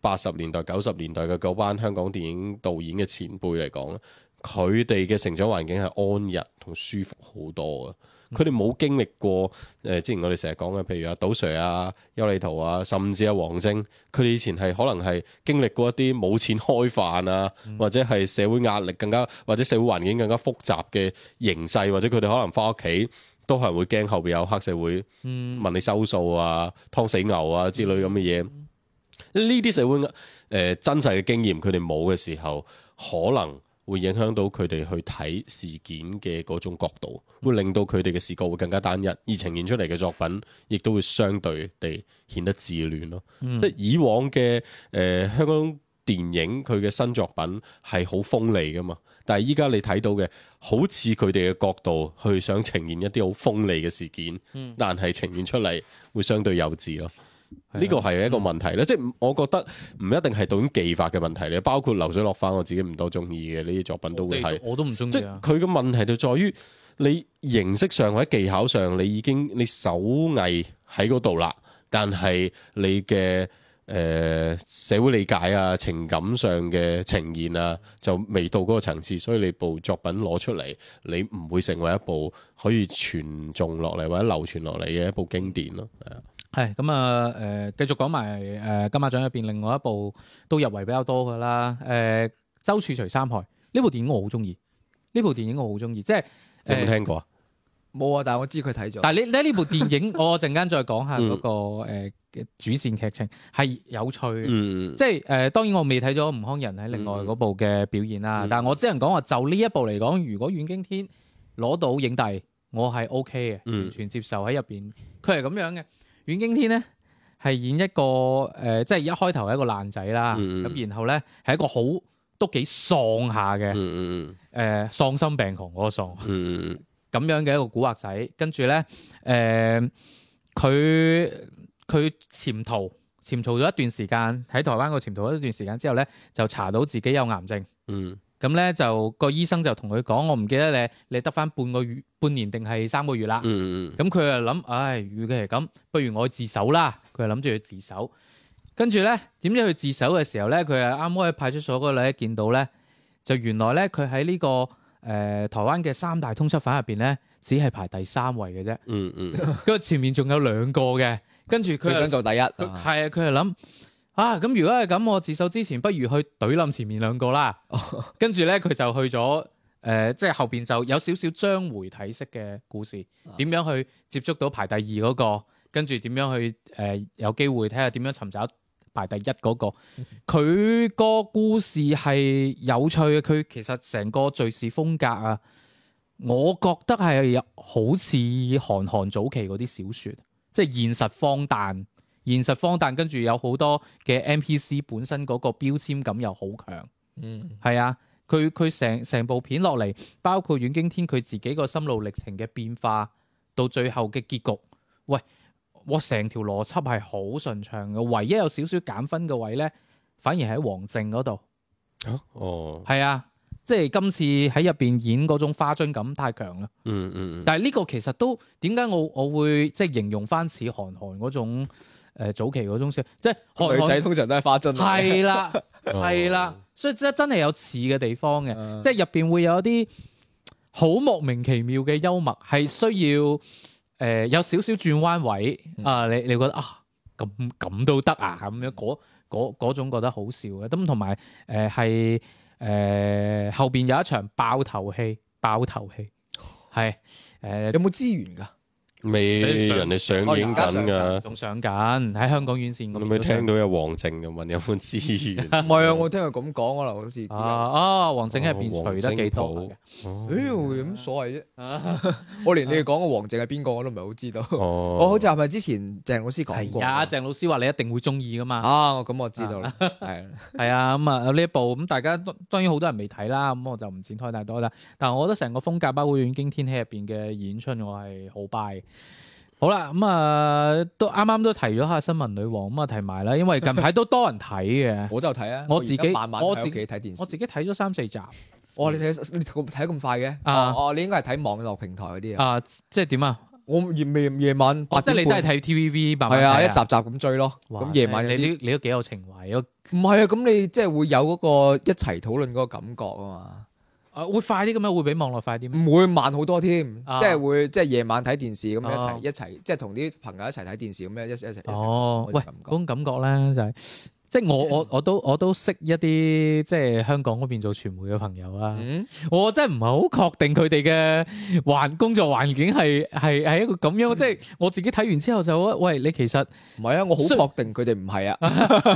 八十年代、九十年代嘅嗰班香港電影導演嘅前輩嚟講，佢哋嘅成長環境係安逸同舒服好多嘅。佢哋冇經歷過誒，之前我哋成日講嘅，譬如阿杜 Sir 啊、邱禮濤啊，甚至阿王晶，佢哋以前係可能係經歷過一啲冇錢開飯啊，或者係社會壓力更加，或者社會環境更加複雜嘅形勢，或者佢哋可能翻屋企。都係會驚後邊有黑社會問你收數啊、劏死牛啊之類咁嘅嘢。呢啲、嗯、社會誒、呃、真實嘅經驗，佢哋冇嘅時候，可能會影響到佢哋去睇事件嘅嗰種角度，會令到佢哋嘅視覺會更加單一，而呈現出嚟嘅作品，亦都會相對地顯得自亂咯。嗯、即以往嘅誒、呃、香港。電影佢嘅新作品係好鋒利噶嘛？但係依家你睇到嘅，好似佢哋嘅角度去想呈現一啲好鋒利嘅事件，嗯、但係呈現出嚟會相對幼稚咯。呢個係一個問題咧，即係、嗯、我覺得唔一定係導演技法嘅問題咧。包括流水落花，我自己唔多中意嘅呢啲作品都會係，我都唔中意。即係佢嘅問題就在於你形式上或者技巧上，你已經你手藝喺嗰度啦，但係你嘅。誒、呃，社會理解啊，情感上嘅呈現啊，就未到嗰個層次，所以你部作品攞出嚟，你唔會成為一部可以傳頌落嚟或者流傳落嚟嘅一部經典咯。係咁啊，誒、嗯呃，繼續講埋誒、呃、金馬獎入邊另外一部都入圍比較多噶啦。誒、呃，周處除三害呢部電影我好中意，呢部電影我好中意，即係你有冇聽過啊？冇啊，但係我知佢睇咗。但係你咧呢部電影， 我陣間再講下嗰個誒嘅主線劇情係、嗯、有趣、嗯、即係誒、呃，當然我未睇咗吳慷仁喺另外嗰部嘅表現啦。嗯、但係我只能講話就呢一部嚟講，如果阮經天攞到影帝，我係 O K 嘅，嗯、完全接受喺入邊。佢係咁樣嘅，阮經天咧係演一個誒、呃，即係一開頭係一個爛仔啦，咁、嗯嗯、然後咧係一個好都幾喪下嘅，誒喪、嗯呃、心病狂嗰個喪。嗯 咁樣嘅一個古惑仔，跟住咧，誒、呃，佢佢潛逃潛逃咗一段時間，喺台灣個潛逃咗一段時間之後咧，就查到自己有癌症。嗯，咁咧就個醫生就同佢講：我唔記得你，你得返半個月、半年定係三個月啦。嗯嗯，咁佢就諗：唉，如果係咁，不如我去自首啦。佢就諗住去自首，跟住咧，點知去自首嘅時候咧，佢係啱好喺派出所嗰度咧見到咧，就原來咧佢喺呢個，誒、呃、台灣嘅三大通緝犯入邊咧，只係排第三位嘅啫、嗯。嗯嗯，嗰個前面仲有兩個嘅，跟住佢想做第一，係佢係諗啊。咁、啊啊、如果係咁，我自首之前，不如去懟冧前面兩個啦。哦、跟住咧，佢就去咗誒、呃，即係後邊就有少少將回體式嘅故事，點樣去接觸到排第二嗰、那個，跟住點樣去誒、呃、有機會睇下點樣尋找。排第一嗰個，佢個故事係有趣嘅。佢其實成個敘事風格啊，我覺得係好似韓寒早期嗰啲小説，即係現實荒誕，現實荒誕，跟住有好多嘅 MPC 本身嗰個標籤感又好強。嗯，係啊，佢佢成成部片落嚟，包括阮經天佢自己個心路歷程嘅變化，到最後嘅結局，喂。我成條邏輯係好順暢嘅，唯一有少少減分嘅位咧，反而喺王靜嗰度。哦，係啊，即係今次喺入邊演嗰種花樽感太強啦、嗯。嗯嗯，但係呢個其實都點解我我會即係形容翻似韓寒嗰種、呃、早期嗰種即係女仔通常都係花樽。係啦、啊，係、哦、啦、啊啊，所以真真係有似嘅地方嘅，即係入邊會有一啲好莫名其妙嘅幽默，係需要。誒、呃，有少少轉彎位啊！你你覺得啊，咁咁都得啊，咁樣嗰嗰嗰種覺得好笑嘅，咁同埋誒係誒後邊有一場爆頭戲，爆頭戲係誒有冇資源㗎？未人哋上映緊噶，仲上緊喺香港院線。有冇聽到有王靜嘅問有款資源？唔係啊，我聽佢咁講啊，好似 啊、哦、王靜喺入邊除得幾好嘅。妖咁、啊啊欸、所謂啫，我、啊、 連你哋講嘅王靜係邊個我都唔係好知道。哦、啊， 好似係咪之前鄭老師講過？係啊，鄭老師話你一定會中意噶嘛。哦、啊，咁我知道啦。係係啊，咁啊呢一部咁、嗯、大家當然好多人未睇啦，咁我就唔展開太多啦。但係我覺得成個風格包括《雨驚天氣》入邊嘅演出，我係好拜。好啦，咁啊，都啱啱都提咗下新聞女王，咁啊提埋啦，因為近排都多人睇嘅，我都有睇啊，我自己，我自己睇電視，我自己睇咗三四集。哦，你睇你睇咁快嘅？哦，你應該係睇網絡平台嗰啲啊？即係點啊？我夜未夜晚八點，即係你真係睇 TVB，係啊，一集集咁追咯。咁夜晚你你都幾有情懷咯？唔係啊，咁你即係會有嗰個一齊討論嗰個感覺啊嘛。誒、啊、會快啲咁樣，會比網絡快啲唔會慢好多添、oh.，即係會即係夜晚睇電視咁一齊一齊，即係同啲朋友一齊睇電視咁樣一齊一齊。哦，喂，嗰種感覺咧就係，即係我我我都我都識一啲即係香港嗰邊做傳媒嘅朋友啦。Mm? 我真係唔係好確定佢哋嘅環工作環境係係係一個咁樣，即係 我自己睇完之後就喂，你其實唔係啊！我好確定佢哋唔係啊，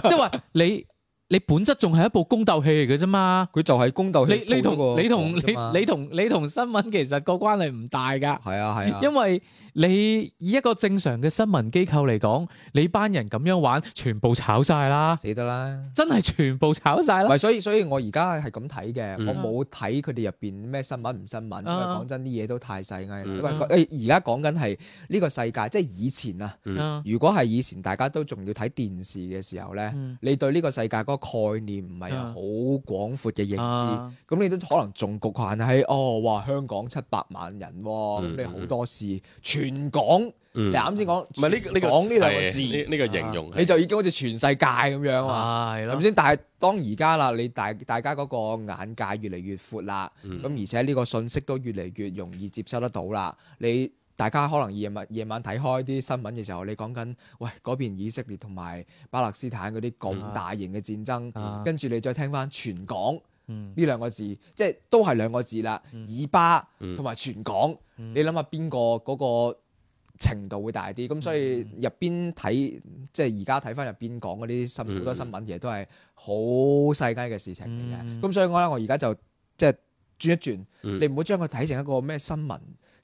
即係你。你本質仲係一部宮鬥戲嚟嘅啫嘛？佢就係宮鬥戲，你你同你同你你同你同新聞其實個關係唔大噶。係啊係啊，啊因為你以一個正常嘅新聞機構嚟講，你班人咁樣玩，全部炒晒啦，死得啦！真係全部炒晒啦。係，所以所以我而家係咁睇嘅，我冇睇佢哋入邊咩新聞唔新聞。因為講、嗯、真，啲嘢都太細翳啦。喂、嗯，誒、嗯，而家講緊係呢個世界，即係以前啊，嗯、如果係以前大家都仲要睇電視嘅時候咧，嗯、你對呢個世界概念唔係好廣闊嘅認知，咁、啊、你都可能仲局限喺哦，哇！香港七百萬人、哦，咁、嗯、你好多事，全港，嗯、你啱先講，唔係呢個講呢兩個字，呢個形容你就已經好似全世界咁樣啊，係，係咪先？但係當而家啦，你大大家嗰個眼界越嚟越闊啦，咁、嗯、而且呢個信息都越嚟越容易接收得到啦，你。大家可能夜晚夜晚睇開啲新聞嘅時候，你講緊喂，嗰邊以色列同埋巴勒斯坦嗰啲咁大型嘅戰爭，嗯、跟住你再聽翻全港呢兩個字，嗯、即係都係兩個字啦。嗯、以巴同埋全港，嗯、你諗下邊個嗰個程度會大啲？咁、嗯、所以入邊睇即係而家睇翻入邊講嗰啲新好、嗯、多新聞嘢都係好細雞嘅事情嚟嘅。咁、嗯、所以我咧，我而家就即係轉一轉，嗯、你唔好將佢睇成一個咩新聞？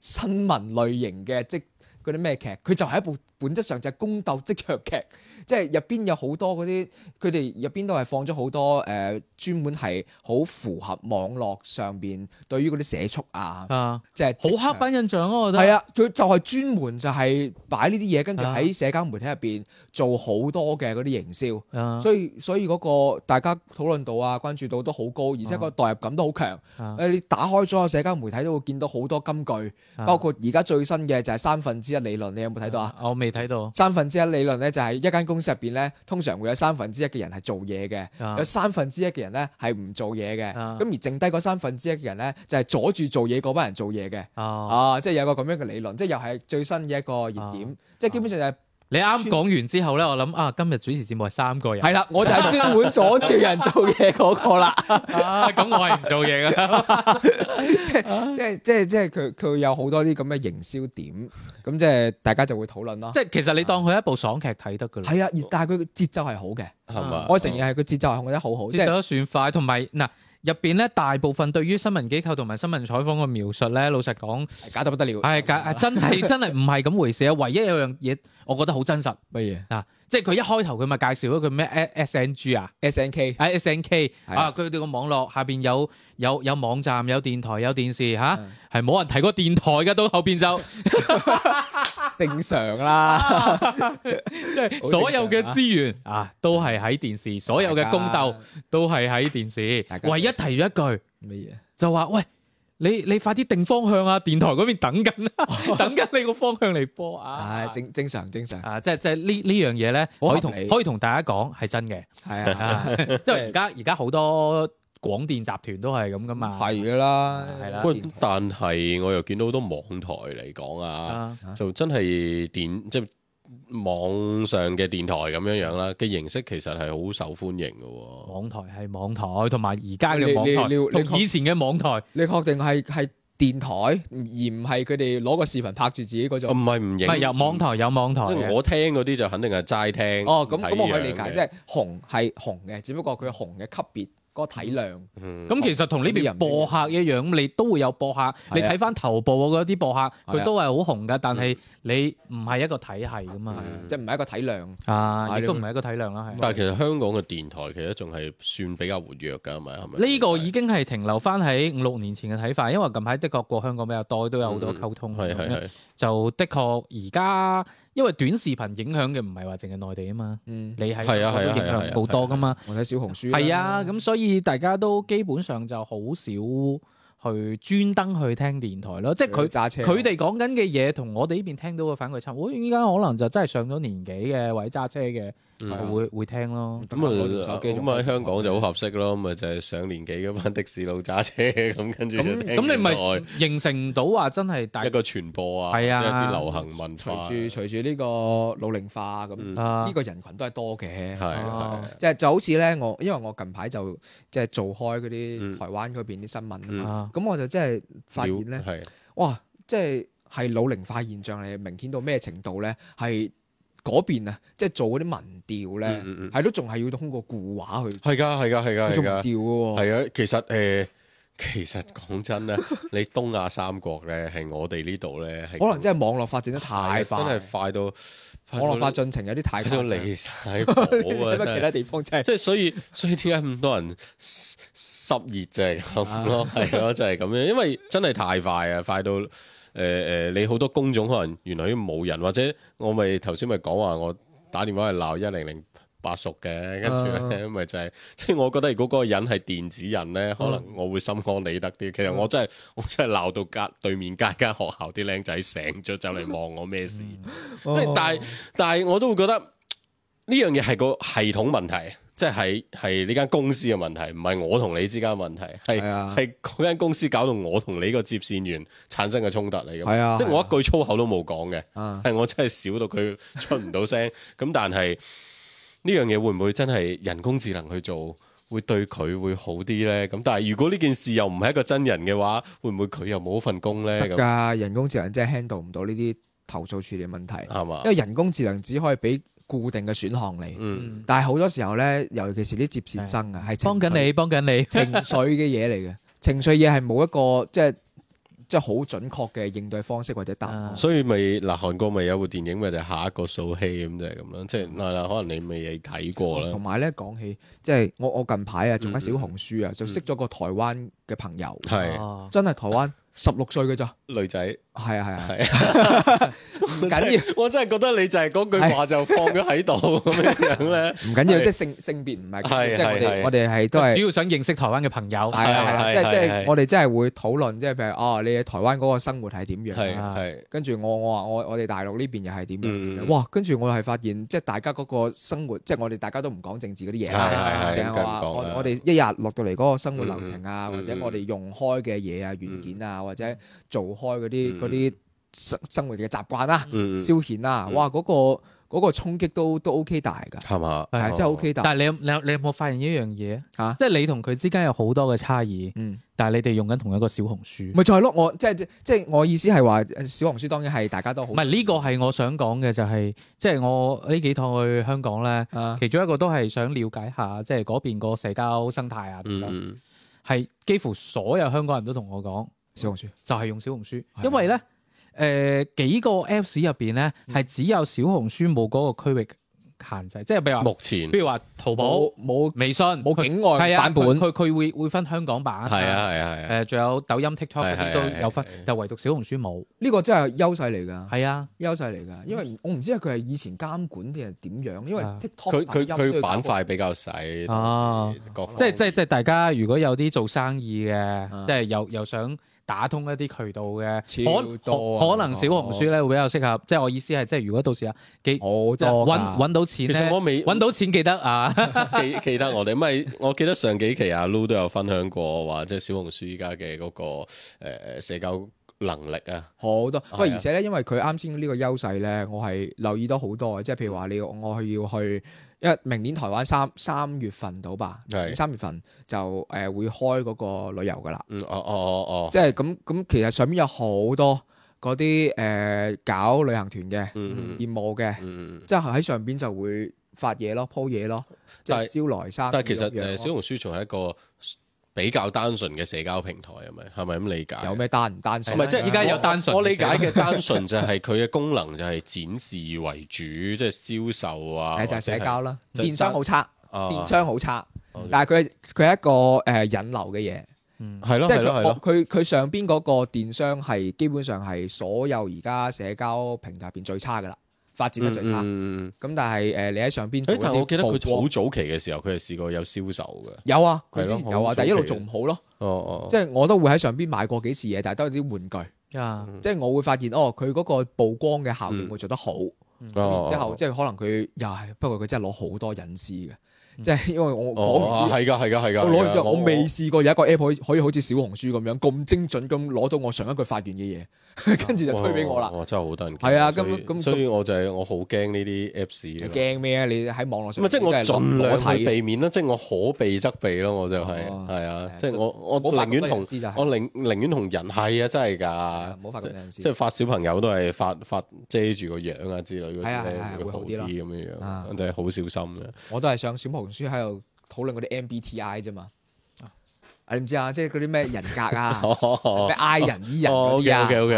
新聞類型嘅，即嗰啲咩劇，佢就係一部。本質上就係宮鬥職場劇，即係入邊有好多嗰啲，佢哋入邊都係放咗好多誒，專、呃、門係好符合網絡上邊對於嗰啲社畜啊，啊，即係好刻板印象咯、啊。我覺得係啊，佢就係專門就係擺呢啲嘢，跟住喺社交媒體入邊做好多嘅嗰啲營銷，所以所以嗰個大家討論度啊，關注度都好高，而且個代入感都好強。誒、啊，你打開咗個社交媒體都會見到好多金句，啊、包括而家最新嘅就係三分之一理論，你有冇睇到啊？我未。喺度三分之一理論咧，就係、是、一間公司入邊咧，通常會有三分之一嘅人係做嘢嘅，啊、有三分之一嘅人咧係唔做嘢嘅，咁、啊、而剩低嗰三分之一嘅人咧，就係、是、阻住做嘢嗰班人做嘢嘅，啊，啊，即係有個咁樣嘅理論，即係又係最新嘅一個熱點，啊、即係基本上就係、是。你啱講完之後咧，我諗啊，今日主持節目係三個人。係啦，我就係專門阻住人做嘢嗰個啦。咁、 啊、我係唔做嘢噶 ，即係即係即係即係佢佢有好多啲咁嘅營銷點，咁即係大家就會討論咯。即係其實你當佢一部爽劇睇得噶啦。係啊，而但係佢節奏係好嘅，係嘛嗎？我承認係個節奏係我覺得好好，節奏都算快，同埋嗱。入邊咧，大部分對於新聞機構同埋新聞採訪嘅描述咧，老實講，假得不得了，係、哎、假， 真係真係唔係咁回事啊！唯一有樣嘢，我覺得好真實乜嘢麼啊？即係佢一開頭佢咪介紹一個咩 SNG 啊，SNK 啊，SNK 啊，佢哋個網絡下邊有有有網站、有電台、有電視嚇，係、啊、冇人提過電台嘅，到後邊就。 正常啦，即係所有嘅資源啊，都係喺電視，嗯、所有嘅公斗都係喺電視，家唯一提咗一句咩嘢？麼就話喂，你你快啲定方向啊，電台嗰邊等緊啊，等緊你個方向嚟播啊，係、嗯、正正常正常啊，就是、即係即係呢呢樣嘢咧，可以同可以同大家講係真嘅，係啊，即係而家而家好多。廣電集團都係咁噶嘛？係噶啦，不過的台但係我又見到好多網台嚟講啊，啊啊就真係電即係、就是、網上嘅電台咁樣樣啦嘅形式，其實係好受歡迎噶、啊。網台係網台，同埋而家嘅網台，同以前嘅網台，你確確定係係電台，而唔係佢哋攞個視頻拍住自己嗰種？唔係唔係有網台有網台，我聽嗰啲就肯定係齋聽。哦，咁咁我可以理解，即係紅係紅嘅，只不過佢紅嘅級別。嗰個體量，咁、嗯、其實同呢邊播客一樣，你都會有播客。的你睇翻頭部嗰啲播客，佢的都係好紅㗎，但係你唔係一個體系噶嘛，即係唔係一個體量、嗯、啊，亦、啊、都唔係一個體量啦。但係其實香港嘅電台其實仲係算比較活躍㗎，係咪？呢個已經係停留翻喺五六年前嘅睇法，因為近排的確過香港比較多，都有好多溝通，係係係，就的，的，的確而家。因為短視頻影響嘅唔係話淨係內地啊嘛，嗯、你喺都影響好多噶嘛。啊啊啊啊、我睇小紅書係啊，咁、啊、所以大家都基本上就好少去專登去聽電台咯，即係佢揸車，佢哋他講緊嘅嘢同我哋呢邊聽到嘅反饋差。我依家可能就真係上咗年紀嘅或者揸車嘅。係會會聽咯，咁啊手機咁啊喺香港就好合適咯，咪就係上年紀嗰班的士佬揸車咁，跟住咁你咪形成唔到話真係大一個傳播啊，係啊，一啲流行文化。隨住隨住呢個老齡化咁，呢個人群都係多嘅，係即係就好似咧，我因為我近排就即係做開嗰啲台灣嗰邊啲新聞啊嘛，咁我就真係發現咧，哇，即係係老齡化現象嚟，明顯到咩程度咧，係。嗰邊啊，即係做嗰啲民調咧，係都仲係要通過固話去。係噶，係噶，係噶，仲調喎。係啊，其實誒、呃，其實講真咧，你東亞三國咧，係我哋呢度咧，可能真係網絡發展得太快，太真係快到，快到網絡化進程有啲太快都離曬譜啊！哈哈，你看看其他地方真係，即係 所以，所以點解咁多人濕熱就係咁咯？係咯、啊，就係、係、咁樣，因為真係太快啊，快到～誒誒，你好、呃、多工種可能原來已經冇人，或者我咪頭先咪講話我打電話嚟鬧一零零八叔嘅，啊、跟住咧因為就係、是，即係、啊、我覺得如果嗰個人係電子人咧，嗯、可能我會心安理得啲。其實我真係、嗯、我真係鬧到隔對面街間學校啲靚仔醒咗走嚟望我咩事，即係但係但係我都會覺得呢樣嘢係個系統問題。即係係呢間公司嘅問題，唔係我同你之間嘅問題，係係嗰間公司搞到我同你個接線員產生嘅衝突嚟嘅。係啊，啊即係我一句粗口都冇講嘅，係、啊、 我真係少到佢出唔到聲。咁但係呢樣嘢會唔會真係人工智能去做，會對佢會好啲呢？咁但係如果呢件事又唔係一個真人嘅話，會唔會佢又冇份工呢？得噶，那人工智能真係 handle 唔到呢啲投訴處理問題，係嘛吧？因為人工智能只可以俾。固定嘅選項嚟。嗯、但係好多時候咧，尤其是啲接線生啊，係幫緊你幫緊你情緒嘅嘢嚟嘅，情緒嘢係冇一個即係即係好準確嘅應對方式或者答案。所以咪嗱韓國咪有部電影咪就下一個素熙咁就係咁樣，即係嗱嗱可能你未睇過啦。同埋咧講起即係我我近排啊做翻小紅書啊，嗯、就識咗個台灣嘅朋友，係、嗯是啊、真係台灣。 十六歲嘅咋女仔，係啊係啊係啊，唔緊要。我真係覺得你就係嗰句話，就放咗喺度咁樣咧，唔緊要，即係性性別唔係，即係我哋我哋係都係主要想認識台灣嘅朋友，係啦係啦，即係我哋真係會討論，即係譬如哦，你喺台灣嗰個生活係點樣，跟住我我話我我哋大陸呢邊又係點樣，哇，跟住我係發現即係大家嗰個生活，即係我哋大家都唔講政治嗰啲嘢，淨係話我哋一日落到嚟嗰個生活流程啊，或者我哋用開嘅嘢啊，軟件啊。或者做開嗰啲啲生活嘅習慣啦，消遣啦，哇嗰個嗰個衝擊都都 OK 大噶，係嘛，係真係 OK 大。但係你有你有你有冇發現一樣嘢啊？即係你同佢之間有好多嘅差異，但係你哋用緊同一個小紅書，咪就係咯，我即係即係我意思係話小紅書當然係大家都好。唔係呢個係我想講嘅，就係即係我呢幾趟去香港咧，其中一個都係想了解下，即係嗰邊個社交生態啊，點樣係幾乎所有香港人都同我講。小紅書就係用小紅書，因為咧，誒幾個 Apps 入邊咧，係只有小紅書冇嗰個區域限制，即係譬如話目前，譬如話淘寶冇微信冇境外版本，佢佢會會分香港版，係啊係啊係啊，誒仲有抖音、TikTok 都有分，就唯獨小紅書冇，呢個真係優勢嚟㗎，係啊，優勢嚟㗎，因為我唔知佢係以前監管啲係點樣，因為 TikTok 佢佢佢板塊比較細，哦，即係即係即係大家如果有啲做生意嘅，即係又又想。打通一啲渠道嘅、啊，可可能小紅書咧會比較適合，哦、即係我意思係，即係如果到時啊幾，即係揾揾到錢，其實我未揾到錢，記得啊，記 記得我哋唔係，我記得上幾期阿 Lou 都有分享過話，即、就、係、是、小紅書依家嘅嗰個、呃、社交。能力啊，好多，喂！而且咧，因為佢啱先呢個優勢咧，我係留意到好多嘅，即係譬如話你，我去要去，因為明年台灣三三月份到吧，三月份就誒會開嗰個旅遊㗎喇，哦哦哦哦，即係咁咁，其實上面有好多嗰啲誒搞旅行團嘅業務嘅，即係喺上邊就會發嘢咯，鋪嘢咯，即係招來生。但係其實誒，小紅書仲係一個。比較單純嘅社交平台係咪？係咪咁理解？有咩單唔單純？唔係即係依家有單純。我，我理解嘅單純就係佢嘅功能就係展示為主，即係銷售啊。係 就係社交啦，電商好差，哦、電商好差。哦、但係佢佢係一個誒、呃、引流嘅嘢，係咯、嗯，即係佢佢佢上邊嗰個電商係基本上係所有而家社交平台入邊最差㗎啦。發展得最差，咁、嗯嗯、但係誒、呃，你喺上邊誒？但係我記得佢好早期嘅時候，佢係試過有銷售嘅。有啊，佢之前有啊，但係一路做唔好咯。哦哦，即、哦、係我都會喺上邊買過幾次嘢，但係都係啲玩具啊。即係我會發現，哦，佢嗰個曝光嘅效應會做得好。嗯、然之後即係可能佢又係，不過佢真係攞好多隱私嘅。即係因為我，哦，係㗎，係㗎，係㗎，我攞咗，我未試過有一個 app 可以可以好似小紅書咁樣咁精準咁攞到我上一句發言嘅嘢，跟住就推俾我啦。哇，真係好得人驚！係啊，咁咁，所以我就係我好驚呢啲 apps。驚咩啊？你喺網絡上唔係即係我盡量去避免啦，即係我可避則避咯。我就係係啊，即係我我寧願同我寧寧願同人係啊，真係㗎，唔好發個人私。即係發小朋友都係發發遮住個樣啊之類嗰啲咧會好啲啦，咁樣樣就係好小心嘅。我都係上小紅。所以，喺度討論嗰啲 MBTI 啫嘛。你唔知啊，即係嗰啲咩人格啊，咩 I 人 E 人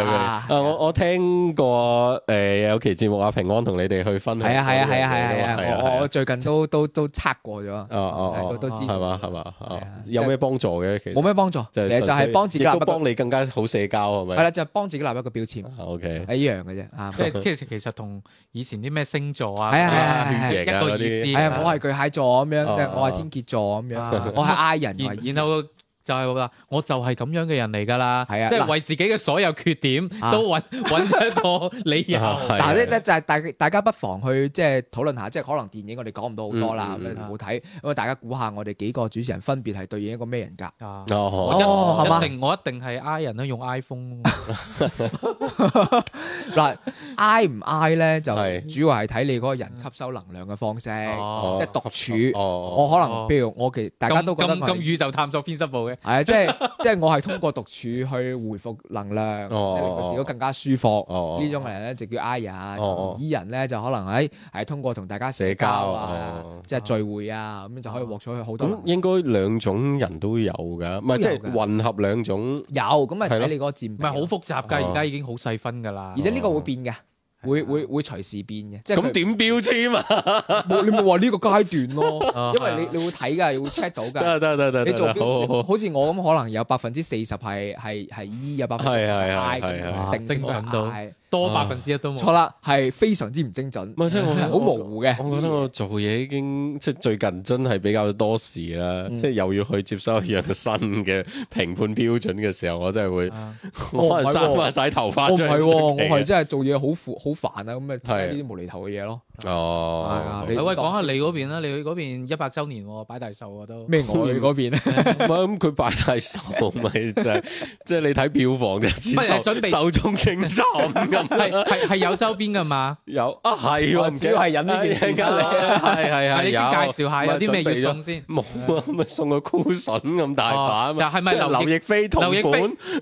啊，誒，我我聽過誒有期節目啊，平安同你哋去分享，係啊係啊係啊係啊係啊，我最近都都都測過咗，都知係嘛係嘛，有咩幫助嘅其實？冇咩幫助，就就係幫自己，亦幫你更加好社交係咪？係啦，就係幫自己立一個標籤，O K，一樣嘅啫，即係其實同以前啲咩星座啊、類型嗰啲，係啊，我係巨蟹座咁樣，我係天蠍座咁樣，我係 I 人，然後。就係話，我就係咁樣嘅人嚟噶啦，係啊，即係為自己嘅所有缺點都揾揾出一個理由。但嗱，即即就係大大家不妨去即係討論下，即係可能電影我哋講唔到好多啦，冇睇，因為大家估下我哋幾個主持人分別係對應一個咩人格？哦，我一定我一定係 I 人啦，用 iPhone 嗱，I 唔 I 咧就係主要係睇你嗰個人吸收能量嘅方式，即係獨處。我可能譬如我其實大家都覺得咁宇宙探索編輯部嘅。係啊，即係即係我係通過獨處去回復能量，令到自己更加舒服。呢種人咧就叫 I 人，E 人咧就可能喺係通過同大家社交啊，即係聚會啊，咁就可以獲取好多。咁應該兩種人都有噶，唔係即係混合兩種。有咁咪睇你嗰個佔比，唔係好複雜噶，而家已經好細分噶啦。而且呢個會變嘅。會會會隨時變嘅，即係咁點標籤啊？你咪話呢個階段咯，因為你你會睇噶，會 check 到噶。得得得得，你做好好似我咁，可能有百分之四十係係係 E，有百分之 I 咁樣定性佢 I。1 多百分之一都冇錯啦，係、啊、非常之唔精準。唔係即係我好 我模糊嘅。我覺得我做嘢已經即係最近真係比較多事啦，嗯、即係又要去接收一樣新嘅評判標準嘅時候，我真係會、啊、可能生翻晒頭髮。我唔係，我係真係做嘢好煩好煩啊！咁咪睇呢啲無厘頭嘅嘢咯。哦，你喂，講下你嗰邊啦，你嗰邊一百周年擺大壽啊都咩？我去嗰邊咧，唔係咁佢擺大壽，咪即係即係你睇票房就知。嘅，準備手中青筍咁，係係有周邊噶嘛？有啊係，主要係引呢件衫咯，係係係有。你先介紹下有啲咩要送先？冇啊，咪送個 cushion 咁大把啊嘛，係咪劉亦菲同劉亦菲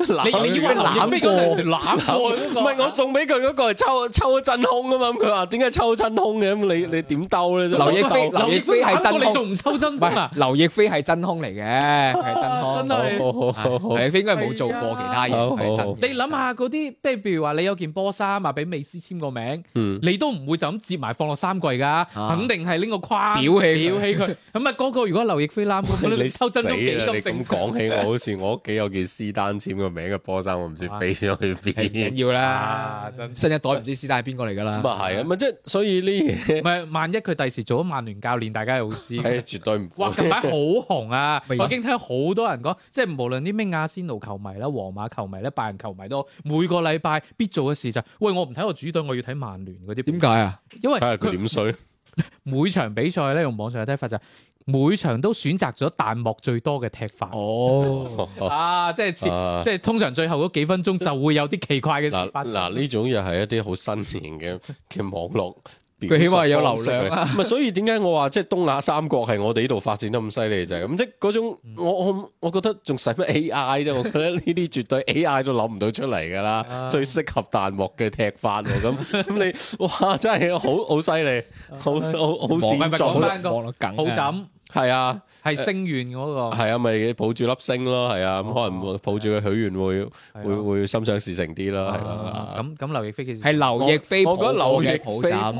攬，你以為攬過攬過？唔係我送俾佢嗰個係抽抽咗真空啊嘛，咁佢話點解抽咗真空？空嘅，咁你你點兜咧？劉亦菲劉亦菲係真空，不過你仲唔抽真空？唔係劉亦菲係真空嚟嘅，係真空。真係，劉亦菲應該冇做過其他嘢，係真嘅。你諗下嗰啲，即係譬如話你有件波衫啊，俾美斯簽個名，你都唔會就咁折埋放落衫櫃噶，肯定係拎個框裱起，裱起佢。咁啊，嗰個，如果劉亦菲攞咁，抽真空咗幾多正？你死啦！你咁講起，我好似我屋企有件施丹簽個名嘅波衫，我唔知飛咗去邊。緊要啦，新一代唔知施丹係邊個嚟噶啦。咁啊係啊，咁即係所以呢。唔係， 萬一佢第時做咗曼聯教練，大家又會知。係、 哎、絕對唔會。哇，近排好紅啊！ 我已經聽好多人講，即係無論啲咩亞仙奴球迷啦、皇馬球迷啦、拜仁球迷都，每個禮拜必做嘅事就是，喂，我唔睇我主隊，我要睇曼聯嗰啲。點解啊？因為睇下佢點衰。 每場比賽咧，用網上嘅睇法就是，每場都選擇咗彈幕最多嘅踢法。哦， 啊，即係、啊、即係，通常最後嗰幾分鐘就會有啲奇怪嘅事發生。嗱，呢、啊啊啊、種又係一啲好新型嘅嘅網，網絡。 佢起碼有流量，啊，所以點解我話即係東亞三國係我哋呢度發展得咁犀利就係咁即係嗰種我我我覺得仲使乜 AI 啫？我覺得呢啲絕對 AI 都諗唔到出嚟噶啦，最適合彈幕嘅踢法咁咁你哇真係好好犀利，好好好閃進，好係啊，係星願嗰個，係啊，咪抱住粒星咯，係啊，咁可能抱住個許願會會會心想事成啲咯，係咯。咁咁劉亦菲其實係劉亦菲，我我覺得劉亦菲抱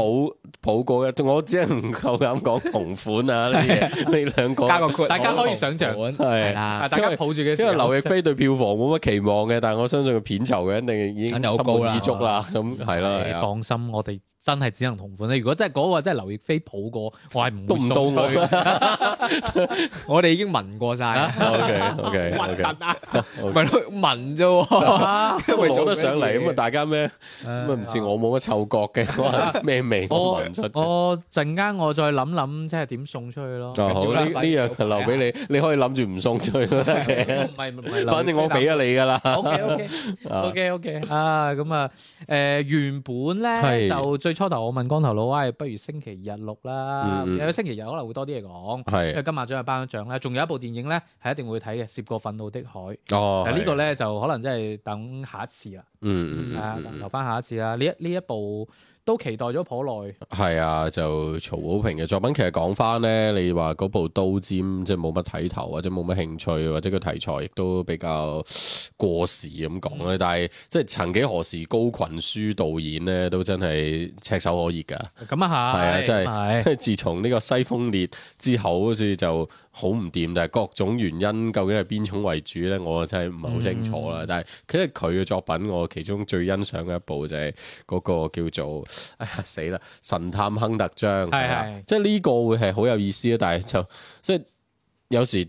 抱過嘅，我只係唔夠膽講同款啊！呢啲呢兩個，大家可以想象，係啦，大家抱住嘅，因為劉亦菲對票房冇乜期望嘅，但係我相信佢片酬嘅一定已經心滿意足啦，咁係啦，你放心，我哋。真係只能同款咧！如果真係嗰個真係劉亦菲抱過，我係唔送。我哋已經聞過晒。O K O K O K，唔係咯，聞啫喎，因為做得上嚟咁啊！大家咩咁啊？唔似我冇乜嗅覺嘅，咩味都聞唔出。我陣間我再諗諗，即係點送出去咯？哦，好，呢樣留俾你，你可以諗住唔送出去。唔係唔係，反正我俾咗你噶啦。O K O K O K O K，啊咁啊，誒原本咧就最。初頭我問光頭佬，喂，不如星期日錄啦，有、嗯、星期日可能會多啲嘢講，因為今晚將要頒獎咧，仲有一部電影咧係一定會睇嘅，《涉過憤怒的海》，但呢、哦、個咧就可能真係等下一次啦，嗯嗯，留翻、啊、下一次啦，呢一呢一部。都期待咗頗耐，係啊，就曹保平嘅作品，其實講翻咧，你話嗰部刀尖即係冇乜睇頭，或者冇乜興趣，或者個題材亦都比較過時咁講咧。嗯、但係即係曾幾何時，高群書導演咧都真係赤手可熱㗎。咁啊係，嗯、啊，即係，因、嗯嗯、 自從呢個西風烈之後好似就好唔掂，但係各種原因究竟係邊種為主咧，我真係唔係好清楚啦。嗯、但係其實佢嘅作品，我其中最欣賞嘅一部就係嗰個叫做。哎呀死啦！神探亨特張係係，是是是即係呢個會係好有意思啊！但係就即係有時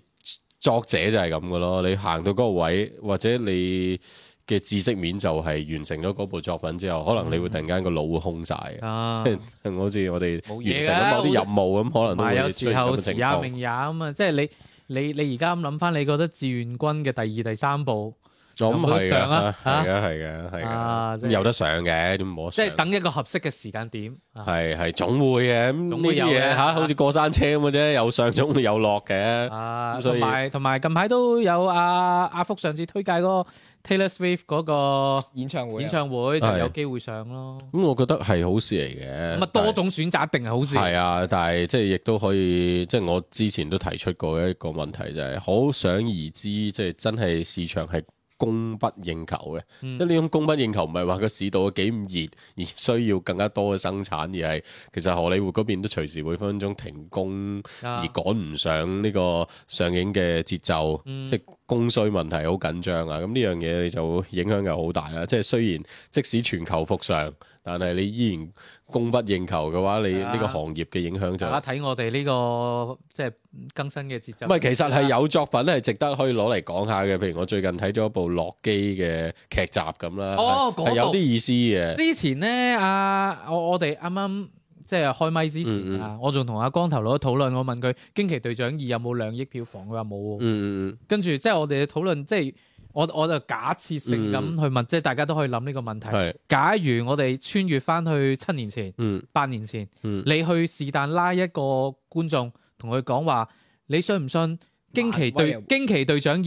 作者就係咁噶咯，你行到嗰個位或者你嘅知識面就係完成咗嗰部作品之後，可能你會突然間個腦會空晒啊！好似我哋完成咗某啲任務咁，可能。嘛，有時候時也命也咁啊！即係你你你而家咁諗翻，你覺得志願軍嘅第二、第三部？總係嘅，係嘅，係嘅，有得上嘅，都唔好。即係等一個合適嘅時間點。係係總會嘅，咁呢有嘢吓，好似過山車咁嘅啫，有上總會有落嘅。咁所以同埋同埋近排都有阿阿福上次推介嗰個 Taylor Swift 嗰個演唱會，演唱會就有機會上咯。咁我覺得係好事嚟嘅。咁啊，多種選擇定係好事。係啊，但係即係亦都可以，即係我之前都提出過一個問題就係，可想而知，即係真係市場係，供不應求嘅，因為呢種供不應求唔係話個市道幾唔熱而需要更加多嘅生產，而係其實荷里活嗰邊都隨時會分分鐘停工而趕唔上呢個上映嘅節奏，啊、即係供需問題好緊張啊！咁呢樣嘢你就影響又好大啦。即係雖然即使全球復上，但係你依然供不應求嘅話，你呢個行業嘅影響就睇我哋呢個即係更新嘅節奏。唔係，其實係有作品係值得可以攞嚟講下嘅。譬如我最近睇咗部洛基嘅劇集咁啦，係有啲意思嘅。之前咧，阿、啊、我我哋啱啱。即係開麥之前啊，嗯、我仲同阿光頭佬討論，我問佢《驚奇隊長二》有冇兩億票房，佢話冇。嗯嗯嗯。跟住即係我哋嘅討論，即係我我就假設性咁去問，即係大家都可以諗呢個問題。係。假如我哋穿越翻去七年前、八年前，你去是但拉一個觀眾，同佢講話，你信唔信《驚奇隊》《驚奇隊長二》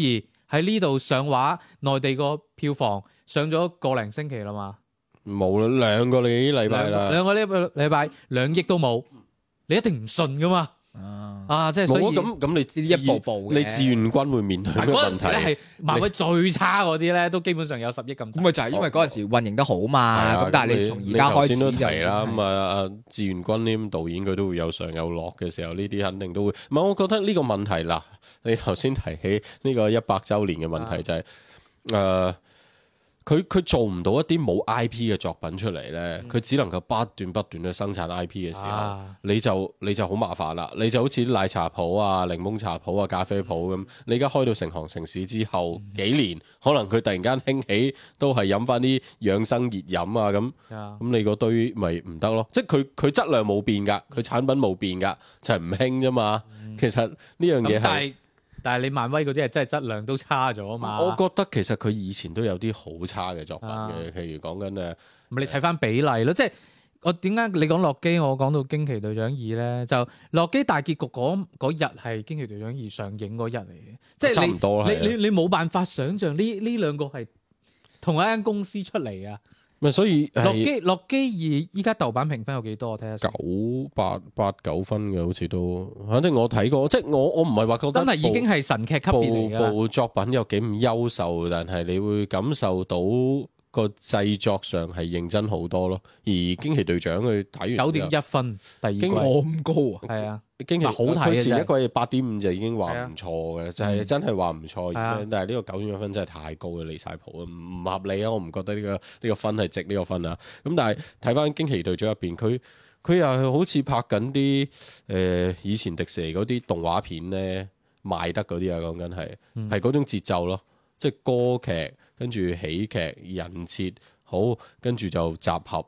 喺呢度上畫，內地個票房上咗個零星期啦嘛？冇啦，兩個禮禮拜啦，兩個禮禮拜兩億都冇，你一定唔信噶嘛？啊，啊，即係冇咁咁，你一步步，你志願軍會面對咩問題咧？係漫威最差嗰啲咧，你都基本上有十億咁。咁咪就係因為嗰陣時運營得好嘛。咁你但係你從而家開始都係啦。咁啊志願軍啲導演佢都會有上有落嘅時候，呢啲肯定都會。唔係，我覺得呢個問題嗱，你頭先提起呢個一百週年嘅問題就係、是、誒。呃呃佢佢做唔到一啲冇 IP 嘅作品出嚟呢，佢只能夠不斷不斷去生產 IP 嘅時候，你就你就好麻煩啦。你就好似奶茶鋪啊、檸檬茶鋪啊、咖啡鋪咁，你而家開到成行成市之後、嗯、幾年，可能佢突然間興起都係飲翻啲養生熱飲啊咁，咁你嗰堆咪唔得咯？即係佢佢質量冇變㗎，佢產品冇變㗎，就係唔興啫嘛。其實呢樣嘢係。嗯但係你漫威嗰啲係真係質量都差咗啊嘛！我覺得其實佢以前都有啲好差嘅作品嘅，譬、啊、如講緊誒，你睇翻比例咯，呃、即係我點解你講洛基，我講到驚奇隊長二咧，就洛基大結局嗰日係驚奇隊長二上映嗰日嚟嘅，即係你差唔多啦，你的你你冇辦法想象呢呢兩個係同一間公司出嚟啊！咪所以，洛基洛基二依家豆瓣評分有幾多 9, 8, 8, 9、啊？我睇下九八八九分嘅，好似都，反正我睇過，即係我我唔係話覺得真係已經係神劇級別嚟㗎，部,部作品有幾唔優秀，但係你會感受到。個製作上係認真好多咯，而驚奇隊長佢睇完九點一分，第二季咁高啊，係啊，驚奇嗰時一季八點五就已經話唔錯嘅，啊、就係真係話唔錯。啊、但係呢個九點一分真係太高啊，離晒譜啊，唔合理啊，我唔覺得呢、這個呢、這個分係值呢個分啊。咁但係睇翻驚奇隊長入邊，佢佢又係好似拍緊啲誒以前迪士尼嗰啲動畫片咧，賣得嗰啲啊，講緊係係嗰種節奏咯，即係歌劇。跟住喜劇人設好，跟住就集合，誒、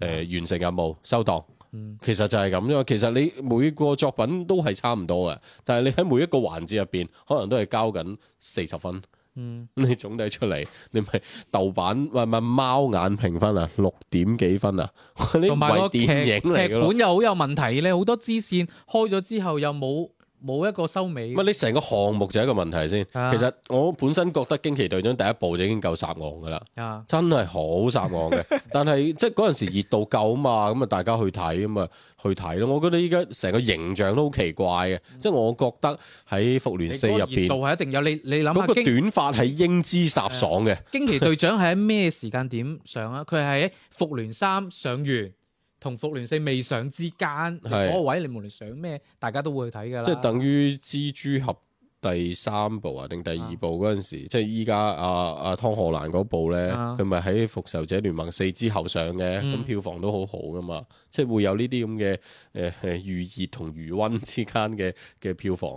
呃、完成任務收檔。嗯、其實就係咁啫嘛。其實你每個作品都係差唔多嘅，但係你喺每一個環節入邊，可能都係交緊四十分。嗯，你總體出嚟，你咪豆瓣唔係唔係貓眼評分啊，六點幾分啊？同埋個劇，劇本又好有問題咧，好多支線開咗之後又冇。冇一個收尾。唔係你成個項目就係一個問題先。的其實我本身覺得《驚奇隊長》第一部就已經夠殺鵝㗎啦。啊！真係好殺鵝嘅。但係即係嗰陣時熱度夠啊嘛，咁啊大家去睇咁啊去睇咯。我覺得依家成個形象都好奇怪嘅。即係我覺得喺復聯四入邊熱度係一定有。你你諗下，嗰個短髮係英姿颯爽嘅。《驚奇隊長》係喺咩時間點上啊？佢係喺復聯三上完。同復聯四未上之間，嗰是個位你無論上咩，大家都會去睇㗎啦。即係等於蜘蛛俠第三部啊，定第二部嗰陣時，啊、即係依家阿阿湯荷蘭嗰部咧，佢咪喺復仇者聯盟四之後上嘅，咁、嗯、票房都好好㗎嘛。即係會有呢啲咁嘅誒預熱同餘溫之間嘅嘅票房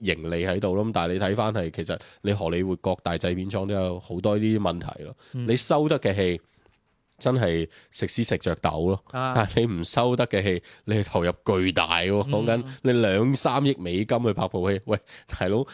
盈利喺度咯。咁但係你睇翻係其實你荷里活各大、大製片廠都有好多呢啲問題咯。你收得嘅係。嗯真係食屎食着豆咯！啊、但係你唔收得嘅戲，你投入巨大嘅，講緊、嗯、你兩三億美金去拍部戲，喂，大佬，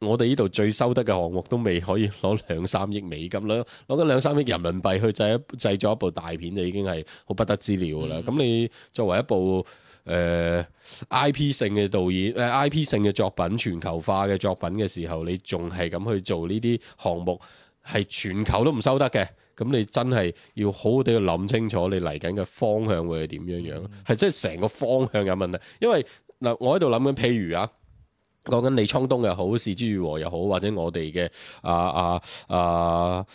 我哋呢度最收得嘅項目都未可以攞兩三億美金，攞攞緊兩三億人民幣去製一製作一部大片就已經係好不得之了啦！咁、嗯、你作為一部誒、呃、I P 性嘅導演，誒、呃、I P 性嘅作品，全球化嘅作品嘅時候，你仲係咁去做呢啲項目，係全球都唔收得嘅。咁你真係要好好地去諗清楚，你嚟緊嘅方向會係點樣樣？係即係成個方向有問題。因為嗱，我喺度諗緊，譬如啊，講緊李滄東又好，是枝裕和又好，或者我哋嘅啊啊啊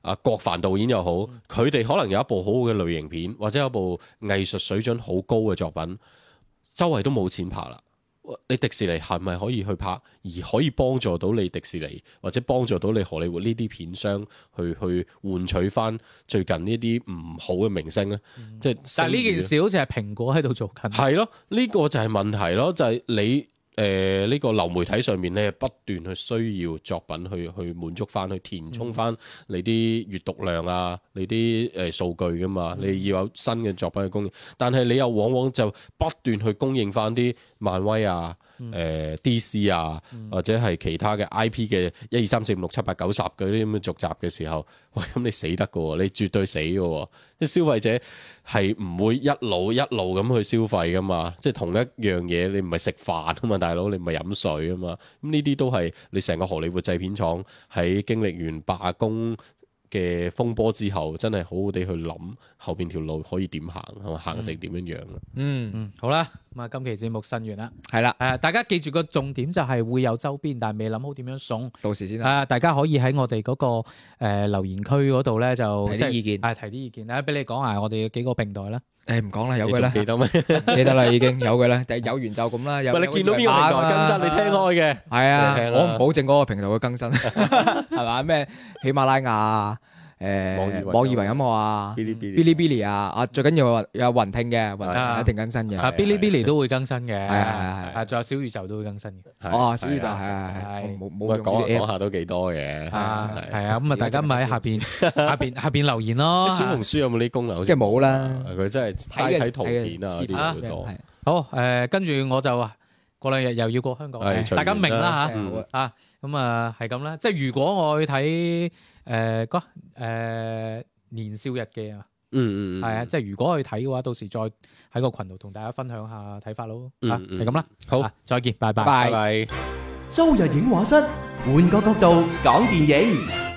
啊郭帆導演又好，佢哋、嗯、可能有一部好好嘅類型片，或者有部藝術水準好高嘅作品，周圍都冇錢拍啦。你迪士尼係咪可以去拍，而可以幫助到你迪士尼或者幫助到你荷里活呢啲片商，去去換取翻最近呢啲唔好嘅明星呢？嗯、即係，但係呢件事好似係蘋果喺度做緊。係咯，呢、呢個就係問題咯，就係、是、你。誒呢、呃，這個流媒體上面咧，不斷去需要作品去去滿足翻，去填充翻你啲閱讀量啊，你啲誒數據㗎嘛，你要有新嘅作品去供應，但係你又往往就不斷去供應翻啲漫威啊。誒、呃、DC 啊，或者係其他嘅 IP 嘅一二三四五六七八九十嗰啲咁嘅續集嘅時候，喂，咁你死得嘅喎，你絕對死嘅喎，即係消費者係唔會一路一路咁去消費嘅嘛，即係同一樣嘢，你唔係食飯啊嘛，大佬，你唔係飲水啊嘛，咁呢啲都係你成個荷里活製片廠喺經歷完罷工嘅風波之後，真係好好地去諗後邊條路可以點行，係嘛、嗯、行成點樣樣嘅、嗯？嗯，好啦，咁啊今期節目新完啦，係啦的，誒、呃、大家記住個重點就係會有周邊，但係未諗好點樣送，到時先啊、呃！大家可以喺我哋嗰、那個、呃、留言區嗰度咧就提啲意見，係、就是啊、提啲意見。阿俾你講下我哋幾個平台啦。誒，唔講啦，有嘅啦，記得咩？ 記得啦，已經有嘅啦， 有完就係有緣就咁啦。唔係你見到邊個平台更新，啊、你聽開嘅。係啊，啊我唔保證嗰個平台會更新，係嘛？ 咩喜馬拉雅誒，Billie 網易網易雲音樂啊，嗶哩嗶哩啊，啊最緊要有雲聽嘅，雲聽一定更新嘅，啊嗶哩嗶哩都會更新嘅，係係係，啊仲有小宇宙都會更新嘅，哦小宇宙係冇冇嘅講下講下都幾多嘅，係係啊咁啊大家咪喺下邊下邊下邊留言咯，小紅書有冇呢啲功能？即係冇啦，佢真係齋睇圖片啊好多。好誒，跟住我就啊過兩日又要過香港，大家明啦吓啊咁啊係咁啦，即係如果我去睇誒個。誒、呃、年少日記啊，嗯嗯，係啊，即係如果去睇嘅話，到時再喺個群度同大家分享下睇法咯，嗯、啊，係咁啦，好、啊，再見，bye bye, bye bye 拜拜，拜拜，週日影畫室換個角度講電影。